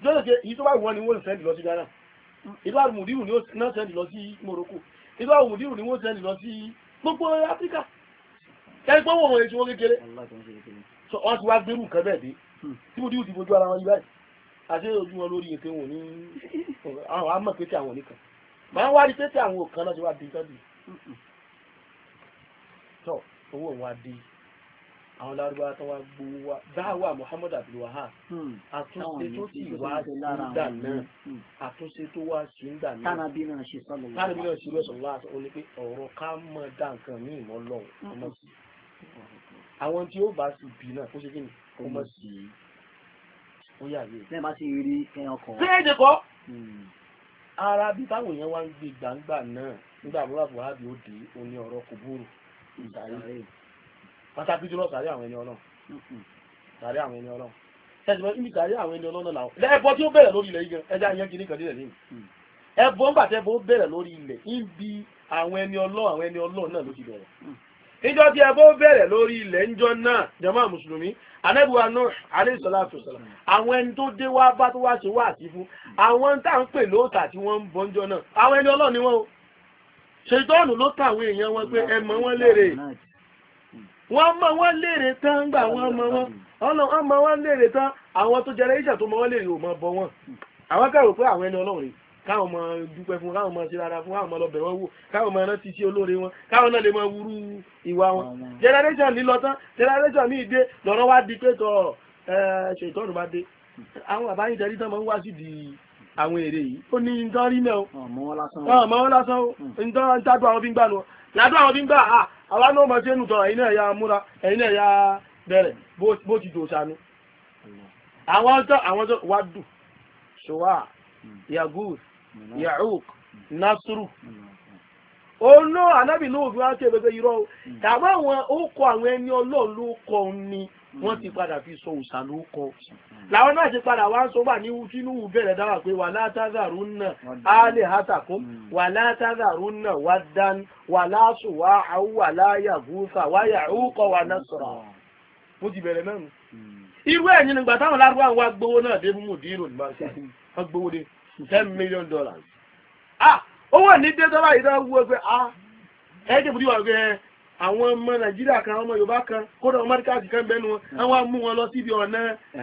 lọ́sọ̀ ṣe èyí tó bá wọ́n ni wọ́n sẹ́ndì lọ sí Ghana ìlú àwọn mùdíwò ni wọ́n sẹ́ndì lọ sí Morocco ìlú àwọn mùdíwò ni wọ́n sẹ́ndì lọ sí gbogbo áfíríkà. ẹni pé wọ́n wọ̀nyí tí wọ́n kékeré. wọ́n ti wá gbérù nǹkan bẹ́ẹ̀ dé hmm. tí mùdíwò ti fojú ara wọn yí báyìí àti ojú wọn lórí ìpé wọn ní àwọn àmọ̀ pé tí àwọn oníkan máa ń wá rí pé tí àwọn òkan náà ti wá di tọ́jú tọ owó wa di àwọn lárúbáwá tó wá gbowó wa dáwà Muhammad Abdulwahab àtúnṣe tó sì wá síndà náà àtúnṣe tó wá síndà náà tánàbí
náà ṣe sọlọ tánàbí náà ṣe
lọsọ wá ó ní pé ọ̀rọ̀ ká mọ dá nǹkan ní ìmọ̀ lọ́wọ́ ọmọ sí àwọn tí ó bá sì bí náà ó ṣe kí ni ọmọ sí i. tí èdè kọ́ hmm. ara bí táwọn èèyàn wá ń gbé gbangba náà nígbà àbúrò àbúrò àbí ó dé ọ̀rọ̀ kò búrú ìsàrí pàtàkì jùlọ sàrí àwọn ẹni ọlọ́run sàrí àwọn ẹni ọlọ́run ibi sàrí àwọn ẹni ọlọ́run tí ó bẹ̀rẹ̀ lórí ilẹ̀ ẹja yẹn kìíní kan nílẹ̀ mm. ń bàtẹ́ bó bẹ̀rẹ̀ lórí ilẹ̀ ń bi àwọn ẹni ọlọ́run àwọn ẹni ọlọ́run náà níjọ́ tí ẹ bó bẹ̀rẹ̀ lórí ilẹ̀ ńjọ́ náà jàmá mùsùlùmí anẹ́bùwa Nuh alayhi salatu wassalam àwọn ẹni tó dé wá bá tó wá ṣe wá àti fún àwọn tá à ń pè lóòtà tí wọ́n ń náà àwọn ẹni ni o ṣètọ́ọ̀nù ló èèyàn wọn pé ẹ mọ wọn léèrè wọ́n mọ wọn léèrè tán gbà mọ wọn mọ wọn léèrè tán àwọn tó jẹrẹ tó mọ wọn léèrè ò mọ bọ wọn àwọn pé àwọn ẹni káwọn mọ dúpẹ́ fún káwọn mọ ṣe dáadáa fún káwọn mọ lọ bẹ̀wọ́ wò káwọn mọ rántí sí olóore wọn káwọn náà lè mọ wúrú ìwà wọn. generation ní lọ́tán generation ní ìdè lọ́rọ́ wá di pé tọ ṣètọ́nù bá dé àwọn bàbá yìí tẹ́lí tán máa ń wá sí di àwọn èrè yìí ó ní nǹkan rí náà ọmọ wọn lásán ó nǹkan tájú àwọn bí ń gbà lọ lájú àwọn bí ń gbà àwa náà mọ̀ sí ẹnu tọ̀rọ̀ ya múra ẹ̀yin ya bẹ̀rẹ̀ bó ti dòṣà nu àwọn ọjọ́ àwọn ọjọ́ wá ya'uq nasiru ono anabi lóhùn fi wá sí ebebe irọ́ o hmm. tàbá àwọn ó kọ ni ti hmm. padà fi so òòsà ló kọ hmm. làwọn náà ti padà wá ń sọ wà ní tinubu bẹ̀rẹ̀ wa pé wà látàzàrú náà áálẹ̀ hátàkó wà látàzàrú náà gbowó náà dé ten million dollars. ah owó ní dé tọ́lá yìí náà wú ẹgbẹ́ ah ẹ̀ẹ́dẹ̀ bùdí wà pé àwọn ọmọ nàìjíríà kan ọmọ yorùbá kan kódà ọmọ adíkàtì kan bẹnu wọn àwọn amú wọn lọ síbi ọ̀nà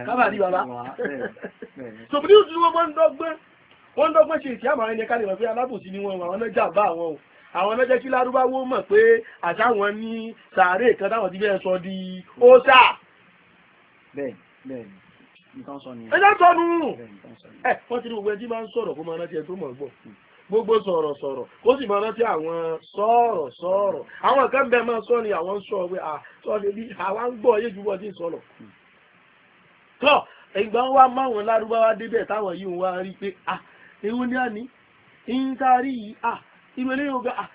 kábàdì bàbá tòbí ní ìdúró wọn dọ́gbọ́n wọn dọ́gbọ́n ṣe ìṣẹ́ àmàrin yẹn kálẹ̀ wọ́n pé alábòsí ni wọn àwọn ọlọ́jà bá àwọn o àwọn ọlọ́jẹ́ kí lárúbáwó mọ̀ pé àtàwọn ní sàárè kan táwọn ti bẹ́ẹ̀ sọ di ó
sáà. bẹ́ẹ̀ bẹ́ẹ̀ ẹjọ́ sọnù
ẹ wọ́n ti ní gbogbo ẹjí máa ń sọ̀rọ̀ kó máa rántí ẹ tó mọ̀ gbọ́ gbogbo sọ̀rọ̀ sọ̀rọ̀ kó sì máa rántí àwọn sọ̀rọ̀ sọ̀rọ̀ àwọn kan bẹ́ẹ̀ máa sọ ni àwọn ń sọ pé àtọ́lẹ̀ bí àwa ń gbọ́ ayé ju bọ́ sí ìsọ̀rọ̀ tọ́ ìgbà wa máwọn lárúbáwá débẹ̀ táwọn yìí ń wá rí pé ah ewu ni a ní ń kárí yìí ah ìlú eléyìí ó gbà ah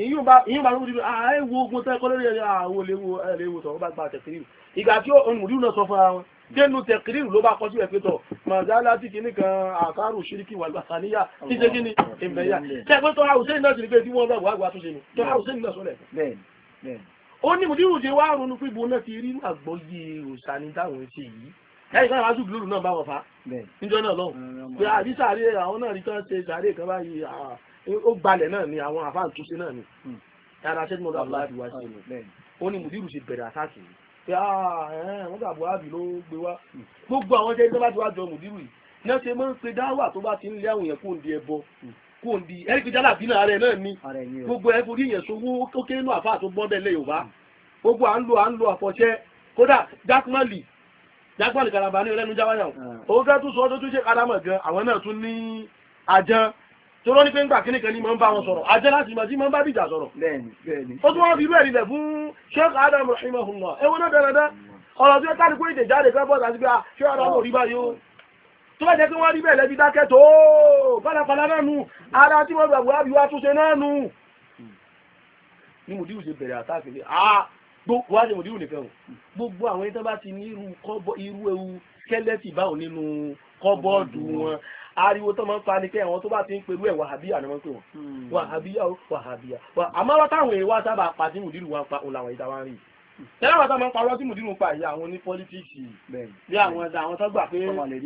ìyún bá lóòrùn jùlọ ààrẹ wo ogun tẹ́kọ́ lórí ẹ̀rẹ́ àwọ̀ léwo ẹ̀rẹ́ ìwòsàn ó bá gba àtẹ̀sírí ìgbà tí òun mùdí náà sọ fún ara wọn dénú tẹ̀kírìrì ló bá kọ sí ẹ̀fẹ́tọ̀ màzálá tí kìíní kan àkárù ṣíríkì wà lásàníyà tí ṣe kíní ìmẹ̀yà tẹ́gbẹ́ tọ́ra hùsẹ́yìn náà sì ní pé tí wọ́n gbàgbọ́ àgbà tó ṣe ni tọ́ra hùsẹ́yìn náà
sọ́lẹ̀
ó ní mùdírù ṣe wá ronú pé ìbò náà ti rí àgbọ́yé òṣàní táwọn ṣe yìí lẹ́yìn kan àwọn àṣùgbìlóòrù náà bá wọn fa níjọ́ náà lọ́hùn pé àbí sàárè àwọn náà rí kan ṣe sàárè kan báyìí ó gbalẹ̀ náà ni àwọn àfáà túnṣe náà ni ara ṣẹ́ni mọ́tò àbúrò àti wá sí i ó ní mùdírù ṣe bẹ̀rẹ̀ àṣàṣì yìí Ah, wọ́n gbà buhari ló gbé wá gbogbo àwọn jẹ́ ìjọba tí wàá jọ mùdírù yìí náà ṣe máa ń pe dáwà tó bá ti ń lé àwọn èèyàn kó ń di ẹbọ kó ń di ẹ̀ríkì jálà bínú ààrẹ náà ni gbogbo ẹ̀ forí yẹn sowó ó kéré nù àfáà tó gbọ́n bẹ́ẹ̀ Yorùbá gbogbo à ń lo à ń lo àfọ̀ṣẹ́ kódà jákúmọ̀lì jákúmọ̀lì karaba ní ọlẹ́nu jáwáyà ah. òun fẹ́ tún sọ ọdún tún ṣe kárámọ̀ gan àwọn náà tún ní àjàn tí ó rọ́ ní pé ń gbà kíníkan ní máa ń bá wọn sọ̀rọ̀ ajẹ́ láti máa sí máa ń bá bìjà sọ̀rọ̀ ó tún wọ́n fi irú ẹ̀rí lẹ̀ fún Sheikh Adam rahimahullah ewu náà dáradára ọ̀rọ̀ tí ó tàbí pé ìdè jáde fẹ́ bọ́ sí pé ah, Sheikh Adam ò rí báyìí ó tó bá jẹ́ pé wọ́n rí bẹ́ẹ̀ lẹ́bi dákẹ́ tó pálapàla náà nu ara tí wọ́n gbàgbọ́ àbí wá túnṣe náà nu ni mùdíwù ṣe bẹ̀rẹ̀ àtàkì ní a ah, gbogbo wá ṣe mùdíwù nìkan o gbogbo àwọn ẹni tó bá ti ní irú ewu skẹ́lẹ́tì báwo nínú kọ́bọ́ọ̀dù wọn ariwo tó máa ń pa ni pé àwọn tó bá ti ń pẹ̀lú ẹ̀ wàhábíyà ni wọ́n pè wọ́n
hmm. wàhábíyà
ó wàhábíyà àmọ́ wọ́n táwọn èèwà sábà pa tí mùdírù wa ń pa òun làwọn ìta wa ń rí tẹ́lẹ̀ wọn tó máa ń parọ́ tí mùdírù ń pa ìyá àwọn ní pọ́lítíìkì bí àwọn ẹ̀dá àwọn tó gbà pé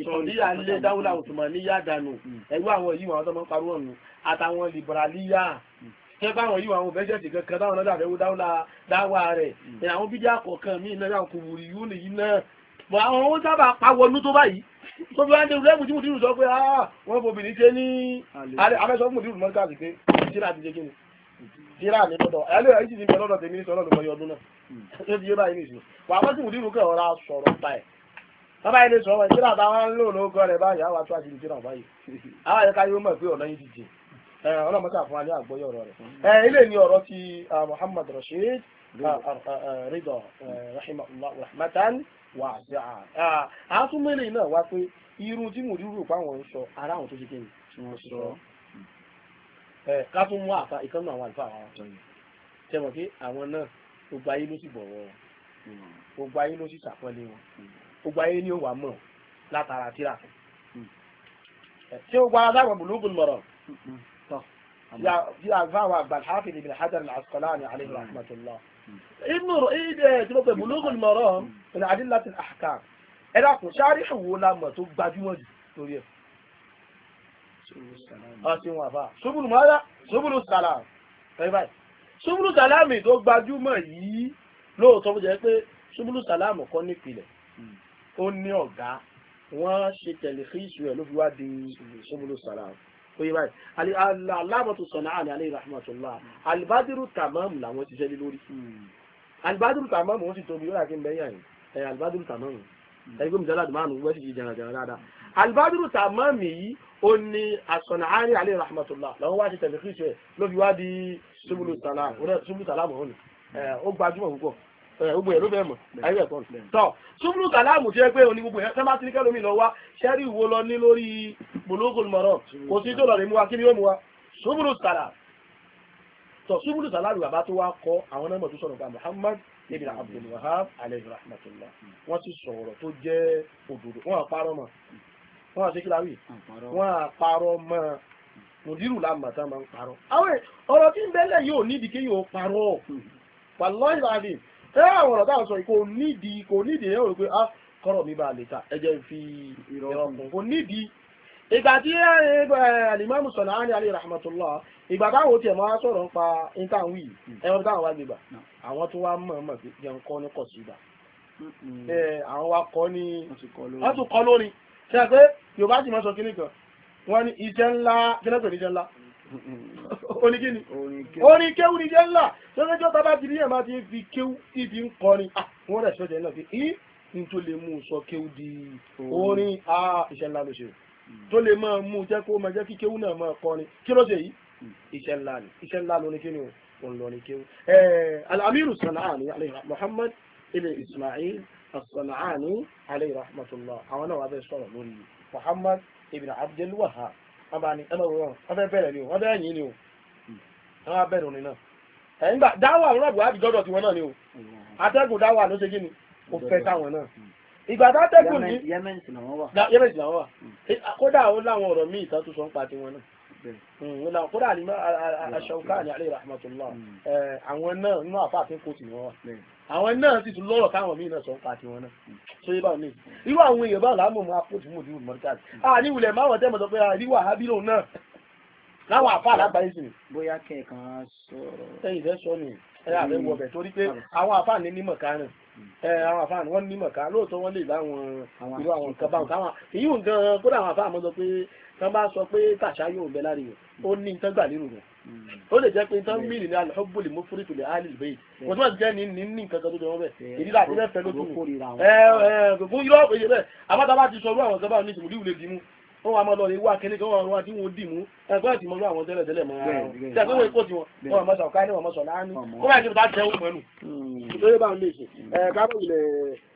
sọ̀díyà lé dáwúlà òtùmọ̀ níyà dànù hmm. ẹ̀gbọ́n àwọn yìí wọn tó máa ń parọ́ ọ̀nù àtàwọn lìbàràlíyà kẹfà hmm. àwọn yìí àwọn bẹ́jẹ̀tì kankan táwọn náà dàbẹ̀wò dáwà rẹ̀ àwọn bídíà kọ̀ọ̀kan míì náà yà kò wùrì yóò nìyí náà àwọn ohun sábà pawọnú tó báyìí tó bí wá ń tẹ ìrùlẹ́gbù tí mùdírù sọ pé ah, wọ́n bò bìnrin ṣe ní mọ́ríkà sí pé ti kí ni tíra ní lọ́dọ̀ ẹlẹ́ ẹ̀yìn ti bẹ̀rẹ̀ lọ́dọ̀ tèmi ní sọ́lọ́dọ̀ mọ́ ọdún náà tó ti yé báyìí ní wà á bọ́sí mùdírù kẹ́ ma sọ̀rọ̀ pa ẹ̀ bàbá ilé sọ̀rọ̀ tíra bá wá ń lò lóko rẹ̀ báyìí àwọn àtúwà sí rídọ̀ rahimahullah rahmatan wasi'a. àtúmọ̀lẹ̀ náà wá pé irú tí mo dúró
pa àwọn sọ ara àwọn tó ṣe kéyìn tí wọ́n sọ. ká tún mú
àfa ìkànnì àwọn àlùfáà wọn. tẹmọ̀ pé àwọn náà gbogbo ayé ló sì bọ̀wọ̀ wọn gbogbo ayé ló sì sàpọ́nlé wọn gbogbo ayé ni ó wà mọ̀ látara tíra. ṣé o gbára dáwọn bulugul maram tí a fáwọn àgbà Hafiz ibn Hajar inú ìdẹ̀ tí wọ́n pẹ̀ Bulughul Maram min adillatil ahkam ẹ dákun sáré ìwò lamọ̀ tó gbajúmọ̀ jù lórí ẹ̀. ọtí wọn àbá ṣubúlù mọ́lá ṣubúlù sàlám ẹ báyìí ṣubúlù sàlámì tó gbajúmọ̀ yìí lóòótọ́ bó jẹ́ pé ṣubúlù sàlámù kọ́ nípìnlẹ̀ ó ní ọ̀gá wọ́n ṣe tẹ̀lé fíìsù ẹ̀ ló fi wá di ṣubúlù sàlámù oye báyìí aláàmọ̀tò sọ̀nà àní alẹ́ ìrahimọ̀tòlá alibadiru tamam làwọn ti ṣẹlẹ̀ lórí alibadiru hmm. tamam wọ́n sì tóbi yóò yàtí mbẹ́yà yìí ẹ̀ alibadiru tamam ẹ̀rí gómìnà aládùn márùn-ún wọ́n sì di jẹ̀rẹ̀ jẹ̀rẹ̀ dáadáa alibadiru tamam yìí ó ní asọ̀nà àní alẹ́ ìrahimọ̀tòlá làwọn wá ti tẹ̀lé kí ó fi wá di subulu salam ó gbajúmọ̀ púpọ̀ Eh, gbogbo ẹ̀ ló bẹ̀ mọ̀ ayé ẹ̀kọ́ tọ́ ṣúgbùrù kàláàmù tí ẹ pé òní gbogbo ẹ̀ tẹ́ bá ti ní kẹ́lómi lọ wá ṣẹ́rí ìwo lọ ní lórí Bulugul Maram kò sí tó lọ rí wa kí ni ó mú wa ṣúgbùrù kàláàmù tọ́ ṣúgbùrù kàláàmù bàbá tó wá kọ́ àwọn náà mọ̀ tó sọ̀rọ̀ bá Muhammad ibn Abdul Wahhab alayhi rahmatullah wọ́n ti sọ̀rọ̀ tó jẹ́ òdòdó wọ́n àparọ́ mọ̀ wọ́n àṣekíláwì wọ́n àparọ́ mọ́ mùdírù làmà tá máa ń parọ́ àwọn ọ̀rọ̀ tí ń bẹ́lẹ̀ yóò nídìí kéèyàn parọ́ wàlọ́ọ̀yìn ẹ àwọn ọ̀rọ̀ táwọn sọ yìí kò nídìí kò nídìí pé ah kọ́rọ̀ mi bá lè ta ẹ fi ìrọ̀kùn kò nídìí ìgbà tí alimami sọ̀nà á ní alẹ́ ìgbà táwọn tiẹ̀ máa sọ̀rọ̀ nípa intanwí yìí hmm. ẹ̀rọ táwọn wá gbégbà àwọn tó wá mọ̀ mọ̀ jẹun kọ́ ní hmm. àwọn wa kọ́ ní wọ́n tún kọ́ lórí ṣe sọ kan wọ́n ní oníkíni orin kéwù ni jẹ́ ńlá sọ́jọ́jọ́ bàbá ti níyàn máa ti ń fi kéwù ibi ń kọrin ah, wọ́n rẹ̀ sọ́jọ́ náà fi í ní tó lè mú sọ kéwù di orin ah, iṣẹ́ ńlá ló ṣe
hmm.
tó lè máa mú jẹ́ kó máa jẹ́ kí kéwù náà máa kọrin kí ló ṣe yìí hmm. iṣẹ́ ńlá ni iṣẹ́ ńlá ló ní kíni òun lọ ní kéwù. Eh, alamiru sanani muhammad ibn ismail as alayhi rahmatullah àwọn náà wà bẹ́ẹ̀ sọ̀rọ̀ lórí muhammad ibn abdul wọ́n bá ní ẹmọ òwúrọ̀ wọ́n fẹ́ bẹ̀rẹ̀ ni o wọ́n bẹ̀rẹ̀ yìí ni o wọ́n wá bẹ̀rẹ̀ òní náà ẹ̀yìn gbà dáwà rọ́ọ̀bù wá dìjọ́dọ̀ tiwọn náà ni o atẹ́gùn dáwà ló ṣe kí ni ó fẹ́ táwọn náà ìgbà tá atẹ́gùn ní yẹmẹ̀sì làwọn wà kódà ó láwọn ọ̀rọ̀ míì ìtàn tó sọ ń pa tiwọn náà hmm, kódà àlìmọ́ aṣọ káà ní alẹ́ rahmatullah hmm. àwọn náà nínú àfáàfin kò sì ní wọ́n wà àwọn náà sì tún lọ́rọ̀ káwọn míì náà sọ ń pa ti wọn náà tó yé báwọn ní irú àwọn èèyàn báwọn láàmú mu apótí mú ìdíwò mọ́ríkàtì à ní ìwìlẹ̀ máwọn tẹ́ mọ̀ sọ pé àrí wà hábílò náà
láwọn àfa àlágbáyé
sì ni. bóyá kẹ̀kan sọ̀rọ̀. ẹ̀yin fẹ́ sọ ni ẹ àfẹ́ wọ bẹ̀ torí pé hmm. àwọn àfa ní nímọ̀ kárùn ẹ àwọn àfa ni wọ́n nímọ̀ kárùn lóòótọ́ wọ́n lè láwọn irú àwọn nǹkan báwọn káwọn èyí nǹkan kódà àwọn àfa àmọ́ sọ pé tán bá sọ pé tàṣà yóò bẹ láre rẹ̀ ó ní nǹkan gbà lérò rẹ̀ o ó lè jẹ́ pé tán mílì ní alhọ́bùlì mú fúrìtù lè áàlì ìbéyì kò tí wọ́n ti jẹ́ ní ní ní nǹkan kan tó jọ wọ́n bẹ̀ èyí láti fẹ́ fẹ́ lójú fún irọ́ òye bẹ́ẹ̀ abátaba ti sọ ọdún àwọn sábà ní ìsìnkú líwù lè dìímú wọ́n wà máa lọ ìwà kẹ́ni kan wọ́n wà tí wọ́n dìímú ẹgbẹ́ ìtìmọ̀ lọ àwọn tẹ́lẹ̀ tẹ́lẹ̀ máa ń tẹ́ pé kó tiwọn wọ́n máa sọ̀ká ní wọ́n máa sọ̀ láàánú wọ́n máa ti bá jẹ́ òun mọ́nu hmm. lórí báwọn lè ṣe hmm. ẹ̀ káàbọ̀ ilẹ̀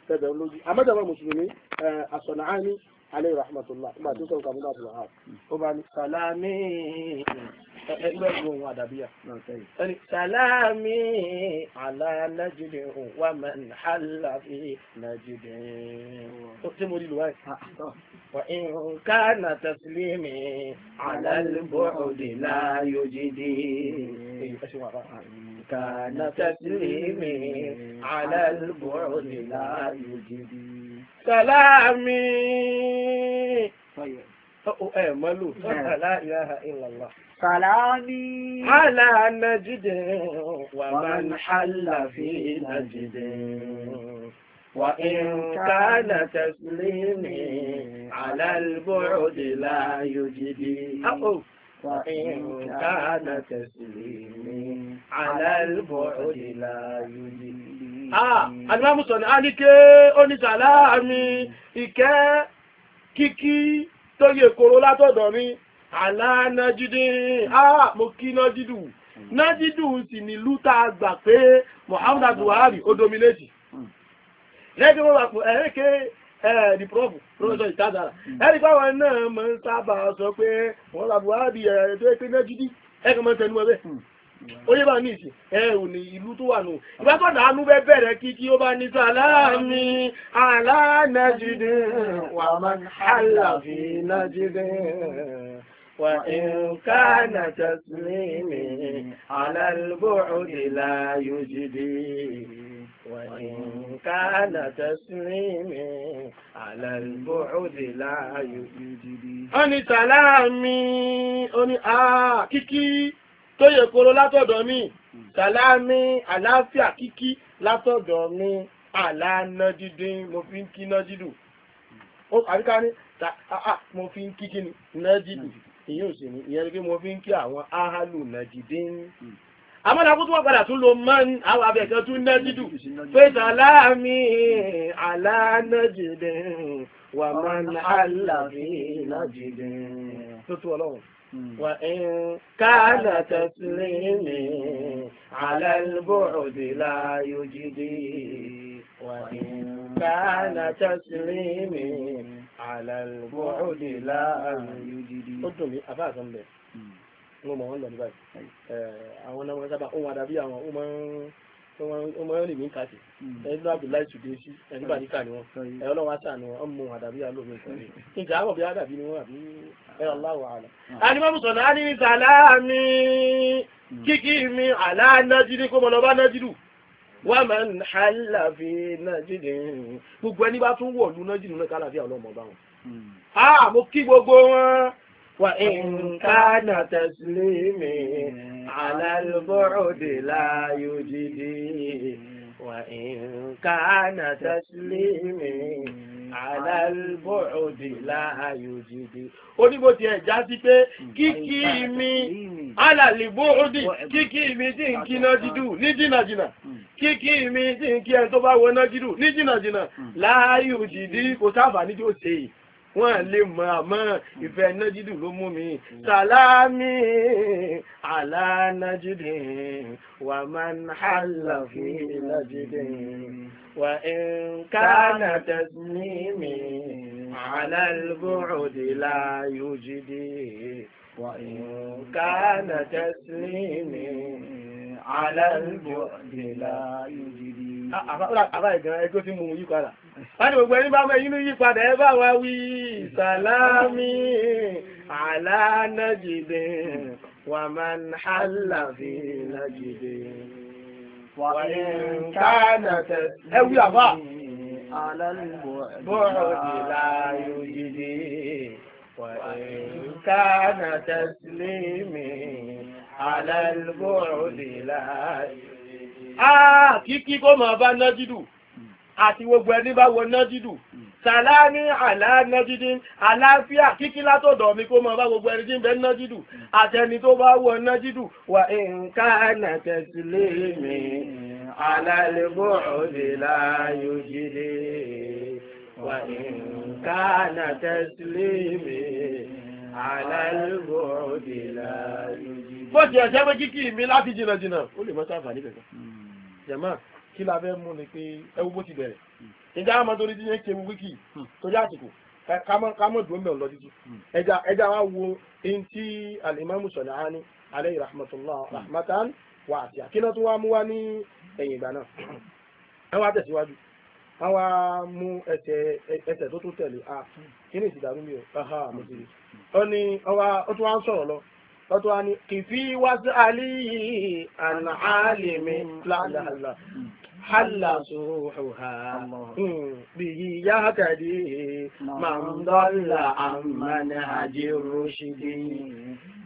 tẹ̀bẹ̀ lójú amẹ́tẹ̀bọ̀ mùsùlùmí àsọ̀nà áání alẹ́ rahmatullah ìgbà tó sọ̀rọ̀ kàmú náà bùrọ̀ hàn ó bá ní sàlámì ẹgbẹ́ ìwọ̀n ohun àdàbíyà ẹni sàlámì àlà nàìjíríà ohun wà máa ń hàlà fi tí mo rí lù wáyé wà ń ká nà tẹ̀sílímì àlà lùbọ̀ òdì láyò
jíde كان تسليمي على البعد لا يجدي
سلامي
ẹ oh, eh, mọ́lù eh. la ilaha illallah.
Kàlámi. Àlà Nàìjíríà wà máa ń
hàlà fi Nàìjíríà. وإن كان
تسليمي على البعد لا يجدي وإن كان تسليمي على البعد لا يجدي. Ah, àdìmọ́ oh. ah, àmúsọ̀ ni a ní ké ó ní sàlámì ìkẹ́ kíkí tó yẹ kóró látọ̀dọ̀ mi alánájídé ah mo kí nájídù nájídù sì ní lúta gbà pé Muhammadu Buhari ó dominate lẹ́gbẹ̀ẹ́ wọn wà pé ẹ̀ẹ́kẹ́ ẹ̀ẹ́dì prọ́fù prọ́fẹ́sọ̀ ìtajára ẹ̀rí pàwọn náà máa ń sábà sọ pé wọ́n làbúhárì ẹ̀ẹ́dẹ́gbẹ́ nájídì ẹ̀kọ́ mọ́ tẹnu ẹ̀bẹ́ hmm ó yé bá ní ìsìn ẹ ò ní ìlú tó wà nù ìbátọ̀dà anú bẹ́ bẹ̀rẹ̀ kí kí ó bá ní sàlámì aláàánájídé wà máa ń hàlàfí nájídé wà ìrùkánà tàṣílẹ̀mì alálùbọ̀ọ́dì láyò jídé wà ìrùkánà tàṣílẹ̀mì alálùbọ̀ọ́dì láyò jídé. ó ní sàlámì ó ní àá kíkí tó yẹ kóró látọ̀dọ̀ mi sàlámì àlàáfíà kíkí látọ̀dọ̀ mi àlànà dídín mo fi ń kí náà dídùn ó àríká ní mo fi ń kí kí náà dídùn ìyẹn ò sì ní ìyẹn pé mo fi ń kí àwọn áhàlù náà dídín amọ́nàkú tó wọ́n padà tún lo mọ́n àwọn abẹ̀kẹ́ tún náà dídùn pé sàlámì àlànà dídín wà mọ́n
àlàfíà dídín tó tó ọlọ́run. وإن كان
تسليمي على البعد لا يجدي وإن كان تسليمي على البعد لا يجدي قدمي أفاكم به mo mọ̀ wọ́n lọ ní báyìí àwọn ọmọ sábà ọmọ yóò lè mí kàtì hmm. ẹni lọ́wọ́ abdullahi ṣùgbọ́n sí ẹni bá níkà ni wọn ẹ̀rọ lọ́wọ́ aṣáà ni wọn ọmọ àdàbí alóòmí ìkọ́lé ìjà àbọ̀ bí àdàbí ni wọn àbí ẹ̀rọ aláwọ̀ àlọ́. alimọ́bùsọ̀ hmm. náà ní sàlámì hmm. kíkí mi àlá nájírí kó mọ lọ bá nájírù wà máa ń hàlà fi nájírí gbogbo ẹni bá tún wọ̀lú nájírù náà kálàfíà ọlọ́mọ bá wọn. a mo kí gbogbo wọn وإن كان تسليمي على البعد لا يجدي وإن كان تسليمي على البعد لا يجدي ó ní bó ti ẹ̀ já sí pé kíkí mi alàlìbó òdì kíkí mi tí hmm. ń kí náà dídù ní jìnnàjìnnà kíkí mi tí ń kí ẹ tó bá wọ náà dídù ní jìnnàjìnnà láàyò jìdí kò sáfà ní tí ó ṣe yìí wọ́n lè mọ̀ àmọ́ ìfẹ́ nájídù ló mú mi. Sàlámì àlánájídì wà máa ń hàlà fún ìlàjídì wà ìǹkánà tẹ̀sí mi àlálùbọ̀rọ̀dì láyò jìdì wà ìǹkánà tẹ̀sí mi. Ah, àbá ìgbà ẹgbẹ́ tí mo mú yí padà. A ní gbogbo ẹni bá mẹ́ inú yí padà ẹ bá wa wí sàlámì àlánàjìdẹ̀ wà máa fi lájìdẹ̀. Wà ní káàdà tẹ̀. Ẹ wí àbá.
Bọ́ọ̀dì láyò
jìdẹ̀. Wà ní káàdà tẹ̀sílẹ̀ mi. Ah, kíkí kó máa bá nájídù àti gbogbo ẹni bá wọ nájídù. Sàlá ní àlá nájídì, àláfíà kíkí látọ̀dọ̀ mi kó máa bá gbogbo ẹni tí ń bẹ nájídù àti ẹni tó bá wọ nájídù. Wà nǹkan nà tẹ̀sílé mi, àlálẹ́bọ̀ bó ti ẹ̀jẹ̀ pé kíkì mi láti jìnnà jìnnà ó lè mọ́ sáfà níbẹ̀ kan jẹ̀mọ́ kí la fẹ́ mú ni pé ẹwú bó ti bẹ̀rẹ̀ ìjà àmọ́ torí ti yẹn ké mu wíkì torí àsìkò kámọ́ dùn mẹ́rin lọ títí ẹja wa wo eyín tí alimami sọ̀lá á alẹ́ rahmatullah rahmatan wa àti àkínà tó wá mú wá ní ẹ̀yìn ìgbà náà ẹ wá tẹ̀síwájú. wọ́n wá mú ẹsẹ̀ tó tún tẹ̀lé a ah, kí ni ìsìdàrú mi o aha mo ti rí ó ní ó tún wá ń sọ̀rọ̀ lọ ó tún wá ní kìfí wá sí àná àlèmí حل صروحها به يهتدي من ضل عن منهج الرشد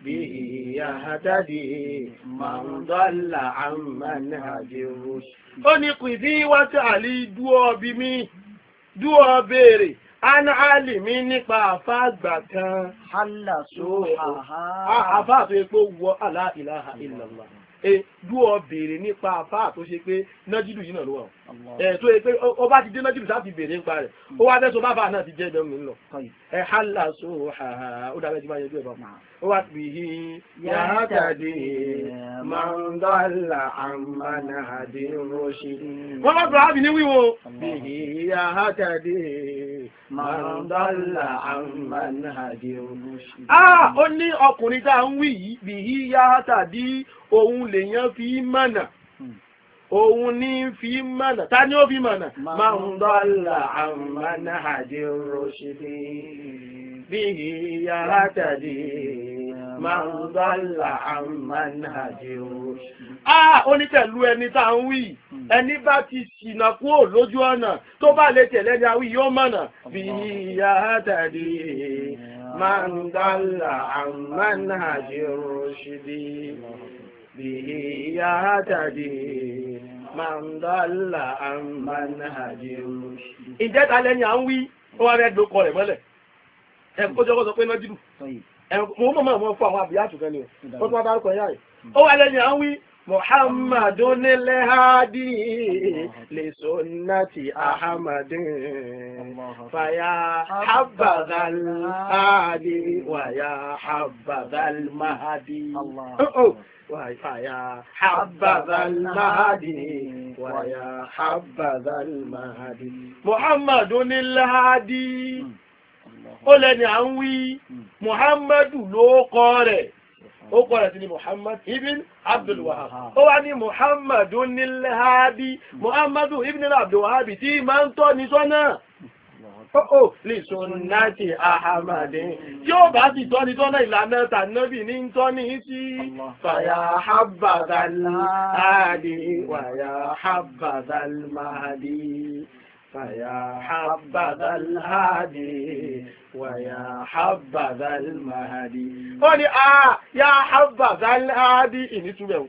به يهتدي من ضل عن منهج الرشد ó ní kìdí wá sí àlè dúọ́ bí mi dúọ́ béèrè anahali mi nípa àfa àgbà kan. hálà sóhà. àfa àfẹ́ pé wọ aláìláha ìlàlá ẹ dú ọ béèrè nípa àfáà tó ṣe pé nájìdù yìí náà ló wà ọ ẹ tó yẹ pé ó bá ti dé nájìdù sáà ti béèrè nípa rẹ ó wá fẹ́ sọ bá báà náà ti jẹ́ ẹgbẹ́ mi lọ ẹ hàlà so ha ó dàbẹ́ ti máa yẹjú ẹ̀ bá ó wá pè é yàrá tàdé máa ń dọ́là àmàlà àdé rọ́ṣì. wọ́n bá sọ àbí ní wíwo. yàrá tàdé máa ń dọ́là àmàlà
àdé rọ́ṣì.
ó ní ọkùnrin tá à ń wí yìí bìí yàrá tàdé òun lèyàn fi mọ̀nà òun ní fi mọ̀nà ta ni ó fi mọ̀nà máa ń dọ́là àmàna
àdé rọ́ṣìdì
bí yàrá tàbí máa ń dọ́là àmàna àdé rọ́ṣìdì. Ah, onítẹ̀lú ẹni tá ń wí, hmm. ẹni bá ti ṣìnà kúrò lójú ọ̀nà tó bá lè tẹ̀lé ni àwí yóò mọ̀nà bí yàrá tàbí máa ń dọ́là àmàna àdé rọ́ṣìdì. به يهتدي من ضل عن منهجه ǹjẹ́ ta lẹ́yìn à ń wí ó wá rẹ́ dókọ rẹ̀ mọ́lẹ̀ ẹ̀kọ́jọ́ kọ́ sọ pé náà jùlù mo mọ̀ mọ̀ fún àwọn àbíyàtù kan ni ó tún wá yáà yìí ó wá lẹ́yìn à ń wí Muhammadu nílẹ̀ hádì lè sunnati Ahmadin fàyà
habadal hádì
wàyà habadal mahadi. ويا حبذا المهدي ويا حبذا المهدي محمد الهادي ó lẹ́ni à ń wí muhammadu ló kọ́ rẹ̀ ó kọ́ rẹ̀ sí ni muhammad ibn abdulwahab ó wá ní muhammadu nílẹ̀ hábí muhammadu ibn abdulwahab tí máa ń tọ́ ní sọ́nà Oh, oh, ó lè sun láti ahamadi yóò bá sì tọ́ni tọ́nà ìlànà tànàbì ní tọ́ni sí fàyà habadal hadi wàyà habadal mahadi
fàyà habadal hadi wàyà habadal mahadi.
ó ní a yà habadal hadi ìnítúbẹ̀ o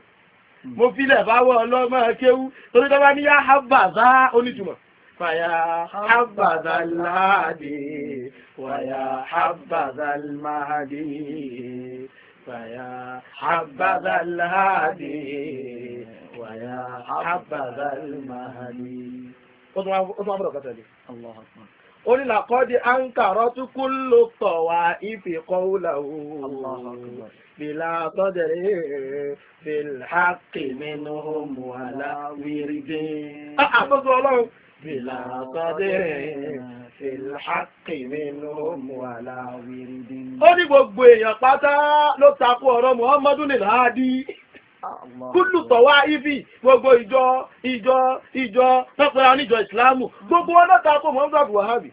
mo fi lẹ̀ bá wọ ọlọ́mọ kéwú torí tó bá ní yà habadal onítùmọ̀. فيا حبذا الهادي ويا حبذا المهدي فيا حبذا الهادي ويا حبذا المهدي اطلع بركة تالي الله أكبر قل لقد أنكرت كل الطوائف قوله الله أكبر بلا قدر في الحق منهم ولا ورد أعبد الله بلا قدر في الحق منهم ولا ورد ó ní gbogbo èèyàn pátá ló takú ọ̀rọ̀ muhammadu nìláàdí kúlù tọ̀wá ibi gbogbo ìjọ ìjọ ìjọ tọ́pẹ́ra níjọ ìsìláàmù gbogbo wọn ló takú muhammadu abu wahabi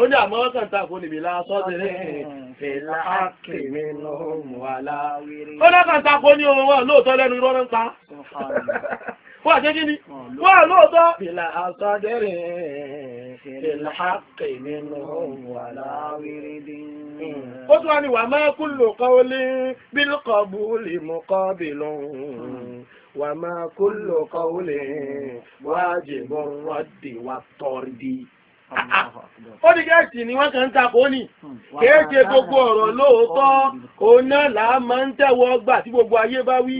ó ní àmọ́ wọ́n kàn takú níbi lásọ́dẹ̀rẹ́ fèlà kìíní ló mú aláwírí. ó ní ohun wọn lóòótọ́ lẹ́nu irọ́ ń pa wà jẹ́ kí ni wà lóòótọ́ bìlà àsọdẹ́rẹ̀ bìlà àpè nínú
wàláwìrìdì
ó tún wá ní wà máa kú lò kọ́ ó lé bílùkọ́ bú lè mú kọ́ bìlù wà máa kú lò kọ́ ó lè wájibọ̀ wà tọ́rìdì ó ní gẹ́ẹ̀sì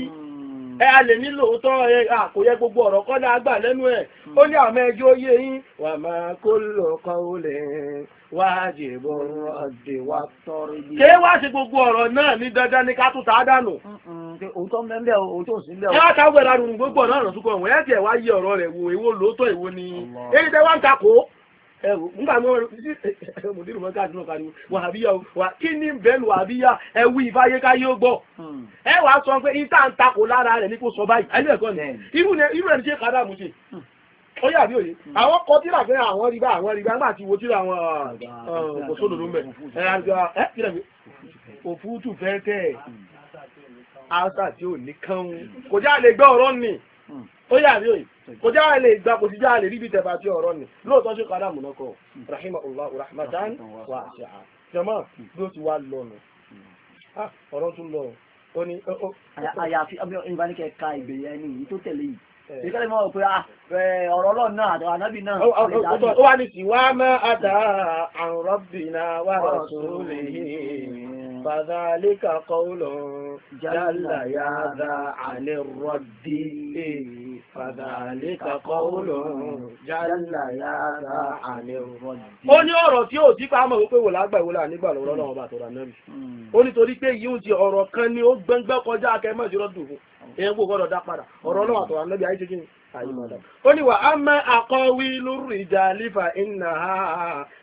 ẹ a lè nílò òótọ́ ẹ yẹ gbogbo ọ̀rọ̀ kọ́ dá gbà lẹ́nu ẹ̀ ó ní àwọn ẹjọ́ yé yín wà máa kó lọ kọ́ ó lè ọ̀dẹ̀ wa tọ́rí bí. wá sí gbogbo ọ̀rọ̀ náà ní dandan ni ká tún ta á dànù. òótọ́ mẹ́lẹ̀ òótọ́ sí mẹ́lẹ̀. ẹ wá ká wẹ̀rẹ̀ arùn gbogbo ọ̀nà ọ̀nà tó tiẹ̀ wá yí ọ̀rọ̀ rẹ̀ wò ni. èyí tẹ́ wá ń takò. ẹwù nígbà mọ mùdírù mọ káàdì náà pariwo wàhábíyà o wà kí ni bẹ́ẹ̀ wàhábíyà ẹ wí ìfáyékáyé ó gbọ́ hmm. ẹ wàá sọ pé ìta lára rẹ̀ ní sọ báyìí ẹni ẹ̀kọ́ ni irú ṣe ṣe hmm. ó yà bí òye hmm. àwọn kọ tíra fẹ́ àwọn rí bá àwọn rí bá nígbà tí wo tíra àwọn kò ẹ ẹ mi fẹ́ tẹ̀ kọjá àlè ìgbà kò sí já àlè ríbi tẹ̀bà tí ni lóòótọ́ ṣe kọ́ra múnakọ́ rahimahullah rahmatan wa ṣáà jọmọ́
bí ó ti wá lọ́nu ọ̀rọ̀ tún lọ ó ní. àyàfi ìbánikẹ́ ka ìbéèrè ẹni yìí tó tẹ̀lé yìí ìkẹ́lẹ̀ mọ́ òpin ọ̀rọ̀ ọlọ́run náà àtàwọn ànábì náà. ó wà ní sí wá mọ́
àdá àrùn rọ́bìnà wà lọ́sùn lè fàdálíkà kọ́ lọ jálàyà àlẹ́ rọ́bì. فذلك قول جل يا ذا ọ̀rọ̀ tí ó ti pa mọ̀ wípé wò lágbà ìwòlà nígbà lọ́wọ́ lọ́wọ́ bá tọ́ra náà ó ní torí pé yíò ti ọ̀rọ̀ kan ni ó gbẹ́ngbẹ́ kọjá akẹ́mọ̀ ìṣòro dùn èyàn kò gbọ́dọ̀ dá padà ọ̀rọ̀ lọ́wọ́ àtọ̀rà náà bí ayé ṣe kí ni àyè mọ̀ dá ó ní wà á mẹ́ àkọ́wí lórí ìjà lífà ìnà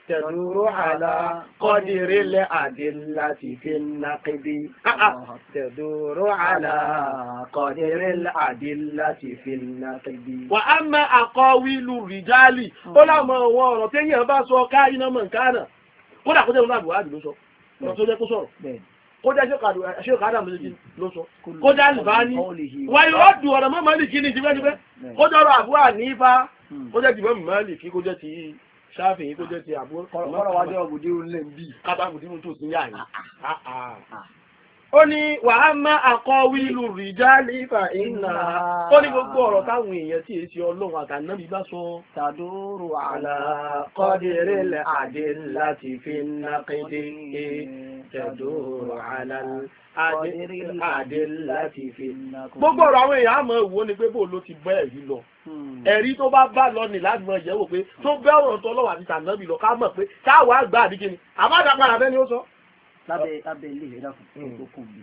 تدور على قدر
الأدلة في النقد تدور على قدر الأدلة في النقد
وأما أقاويل الرجال ولا ما ورا تيي با سو كاين من كان kódà kó jẹ́ ìlú àbúrò àdìlú sọ ọ̀rọ̀ tó jẹ́ kó sọ̀rọ̀ kódà ṣéèkù adam ló sọ kódà lùbáni wàyí ó dùn ọ̀rọ̀ mọ́ mọ́lì kí ni ti fẹ́ ti fẹ́ ọ̀rọ̀ àbúrò ànífà kódà ti fẹ́ mọ́lì kí kódà ti ṣáàfin yìí tó jẹ́ ti àbúrò kọ́rọ̀ wájú ọ̀gùdí ń lè bí kábàgùdí mú tó sí yá yìí ó ní wàhámà àkọwílù rìjálì fà iná ó ní gbogbo ọ̀rọ̀ táwọn èèyàn tí èsì ọlọ́run àtànábì bá sọ. tàdúrù àlà kọ́dìrì lè àdé láti fi nákéde tàdúrù àlà kọ́dìrì àdé láti fi nákéde. gbogbo ọ̀rọ̀ àwọn èèyàn àmọ́ ìwò ni pé bó ló ti bọ́ ẹ̀rí lọ hmm. ẹ̀rí tó bá bá lọ nì láti mọ̀ yẹ̀wò pé tó bẹ́ ọ̀rọ̀ tó lọ́wọ́ àti tànábì lọ ká mọ̀ pé táwọn àgbà àbíkíni àbádàpadà bẹ́ni ó sọ
lábẹ́ lábẹ́ ilé ìrẹ́dà fún hmm. tó kù bí.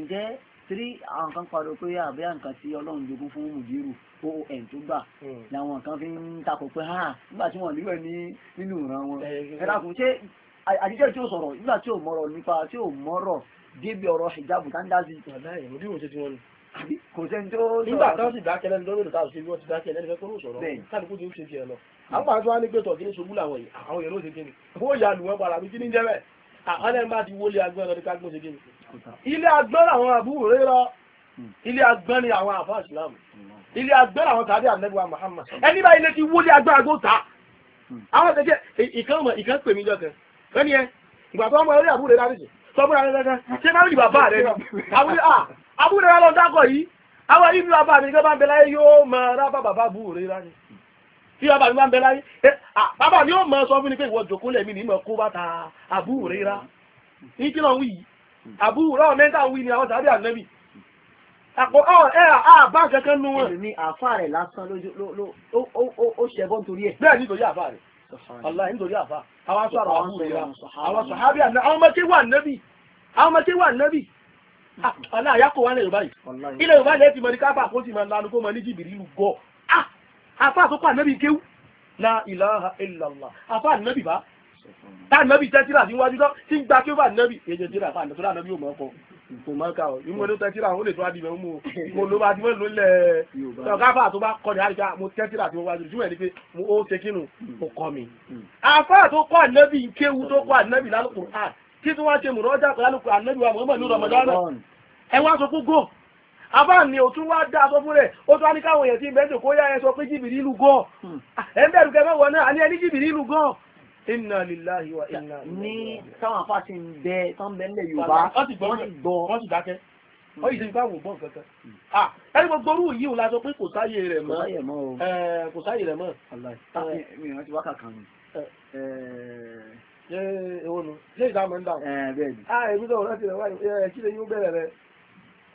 ǹjẹ́ tírí àwọn kan pariwo pé àbẹ́yà nǹkan tí ọlọ́run jogún fún mùdírù oom tó gbà hmm. làwọn kan fi ń takò pé ha nígbà tí wọ́n níwẹ̀ ní nínú ìran wọn. Eh, ẹ̀dá kùn ṣé àdíjẹ́ tí ó sọ̀rọ̀ nígbà tí ò mọ̀rọ̀ nípa tí ò mọ̀rọ̀ débi ọ̀rọ̀ hijabu kandazi. kò sẹ́ni tó sọ̀rọ̀. nígbà tí wọ́n
ti dákẹ́ lẹ́nu fẹ́ àwọn àti wọn ní pé tọ̀kí ní ṣubú làwọn yìí àwọn èèyàn ló ṣe kíni ó yà lù wọn padà bí kí ní jẹ́ bẹ́ẹ̀ àwọn ẹni bá ti wọlé agbọ́n lọ ní kágbọ́n ṣe kíni. ilé agbọ́n làwọn àbúrò rẹ lọ ilé agbọ́n ni àwọn àfa ìsìlámù ilé agbọ́n làwọn tàbí ànẹ́gbà Muhammad ẹni báyìí lè ti wọlé agbọ́n agbọ́n ta àwọn ṣe jẹ́ ìkan mọ̀ ìkan pè mí jọkẹ́ ẹni ẹ ìgbà tó ọmọ ẹlẹ́yà àbúrò rẹ dárí sọ́kúnra rẹ dáadáa ṣé máa ń yìí bàbá rẹ àbúrò rẹ lọ dákọ̀ yìí àwọn ìlú bàbá mi gẹ́gẹ́ bá ń bẹ tí bàbá mi bá ń bẹ láyé bàbá mi mọ sọ fún mi pé ìwọ jòkó ni mọ̀ kó bàtà àbúrò rírà ní náà wí àbúrò ọ̀ mẹ́ta wí ni àwọn tàbí ànábì àpò ọ̀ ẹ̀ àbá kankan nu wọn. èmi àfa rẹ̀ lásán lójú ó ṣẹ̀bọ́ nítorí ẹ̀. bẹ́ẹ̀ nítorí àfa rẹ̀ aláì nítorí àfa àwọn aṣọ àrò àbúrò àwọn sàhábì àwọn ọmọ àwọn ọmọ ah, kò wá yorùbá yìí ilẹ̀ yorùbá afá àtọ́kọ́ ànábì kéwú la ilaha illallah afá ànábì bá tá ànábì tẹ́ tíra sí wájú tán tí ń gba kéwú ànábì èjè tíra afá ànábì tó dá ànábì ò mọ̀ ọkọ̀ kò mọ̀ ká ọ̀ ìmọ̀ ló tẹ́ ó lè tó adìmọ̀ mú mo ló bá adìmọ̀ lólẹ̀ ọ̀gáfà tó bá kọ́ ni àríkà ah, mo tẹ́ tíra wájú jùmọ̀ ní pé ó ṣe kínú mo kọ́ mi. afá hmm. àtọ́kọ́ ànábì kéwú tó kọ́ ànábì lálùkù àbá ni ò tún wá dá sọ fún rẹ̀ ó tún á ní káwọn èèyàn tí ń bẹ́ẹ̀ kó yá ẹ pé jìbìrì ìlú gan ẹ ń bẹ̀rù kẹfẹ́ wọn náà a ẹni jìbìrì ìlú gan. inna lillahi wa inna ní táwọn afá ti ń bẹ tán bẹ nílẹ̀ yorùbá wọ́n ti gbọ́ wọ́n ti dákẹ́
hmm. wọ́n yìí ti bá wò bọ́ nǹkan kan.
ẹni gbogbo orú yìí la sọ pé kò sáyè rẹ̀ mọ́ kò sáyè rẹ̀ mọ́. ṣé ìdáhùn ń dà? ẹ̀ẹ́dẹ́gbẹ̀rún. ah èmi náà rántí rẹ̀ wáyé kí lè yín bẹ̀rẹ̀ rẹ̀.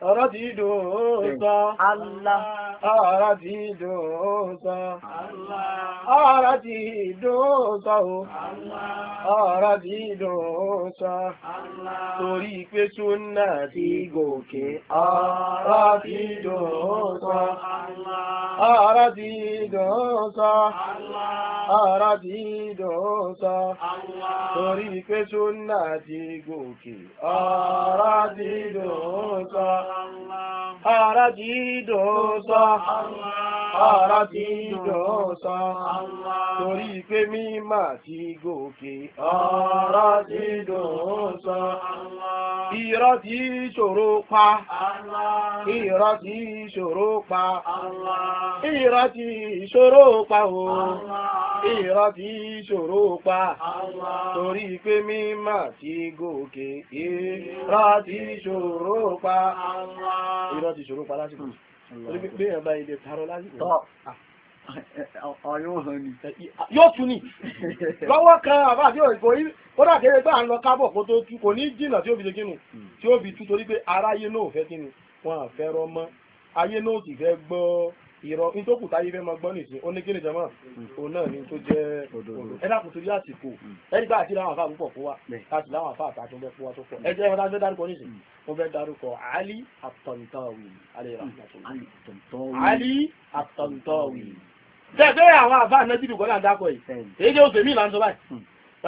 أرديد أوصى Allah, أرديد أوصى Allah, أرديد أوصى Allah, أرديد أوصى Allah, torí pé súnà ti gòkè ara ti Allah, ara ti Allah, ara ti Allah, torí pé súnà ti gòkè ara ti Allah, ọ̀rọ̀ tí ìdò sọ ọ̀rọ̀ tí ìdò sọ torí pé mímọ̀ sí gòkè ọ̀rọ̀ tí sọ irọ́ tí ìṣòro pa irọ́ tí ìṣòro pa irọ́ tí ìṣòro pa o ìrántí ṣòro pa torí pé mímọ̀ ti gòkè ìrántí ṣòro pa ìrántí ṣòro pa lásìkò
hmm. torí pé bí
ẹ̀bá ilẹ̀ tààrọ lásìkò Ọ̀yọ́ hàn ní. Yóò tún ní. Lọ́wọ́ kan àbá àti òyìnbó yìí, ó dà kéré gbà ń lọ kábọ̀ kó tó tú, kò ní jìnnà tí ó fi ṣe kínú, hmm. tí ó fi tú torí pé aráyé náà fẹ́ kínú, wọn à mọ́, ayé náà sì fẹ́ gbọ́ ìrọ̀ ní tó kù táyé fẹ́ máa gbọ́ nìsín ó ní kí ni jọmọ́ hmm. òun náà ni tó jẹ́ òdòdó ẹ dákun torí àsìkò hmm. ẹni bá àti láwọn àfáà púpọ̀ fún wa láti láwọn àfáà àtàtún bẹ́ fún wa tó pọ̀ ẹ jẹ́ ìwọ́n fẹ́ dárúkọ nìsín hmm. mo fẹ́ dárúkọ Ali
At-Tantawi Ali At-Tantawi tẹ̀síwẹ̀
àwọn àfáà náà ti dùkọ́ náà dákọ̀ yìí èyí jẹ́ òsèmí ìlànà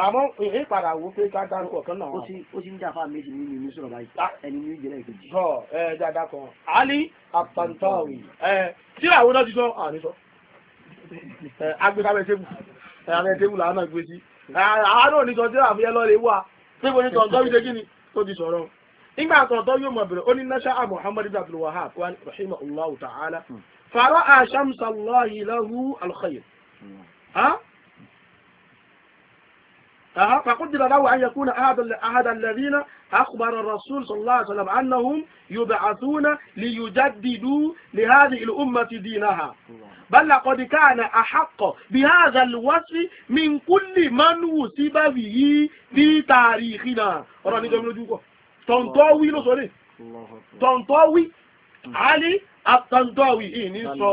àmọ́ èyí padà wò pé ká dárúkọ kan náà. ó ti ń jàfà méjì nínú ìlú sọ̀rọ̀ báyìí ah. ẹni ní ìjẹ́lẹ̀ ìkejì. ọ ẹ dáadáa kan Ali Apantawi ẹ tí àwọn náà ti sọ àní sọ ẹ tébù ẹ tébù làwọn náà gbé sí àwọn náà ní sọ tí àwọn yẹn lè wà pé mo ní sọ ọjọ́ ìdẹ́gí ni tó ti sọ̀rọ̀ nígbà àtọ̀tọ̀ yóò mọ̀ bẹ̀rẹ̀ ó ní nasha'a Muhammad ibn Abdul Wahhab wa rahimahullahu ta'ala hmm. fara'a shamsallahi lahu alkhayr hmm. فقدر له أن يكون أحد أحد الذين أخبر الرسول صلى الله عليه وسلم أنهم يبعثون ليجددوا لهذه الأمة دينها بل لقد كان أحق بهذا الوصف من كل من وصف به في تاريخنا تنطوي نصري تنطوي
علي àtàndọ́wì yìí ní sọ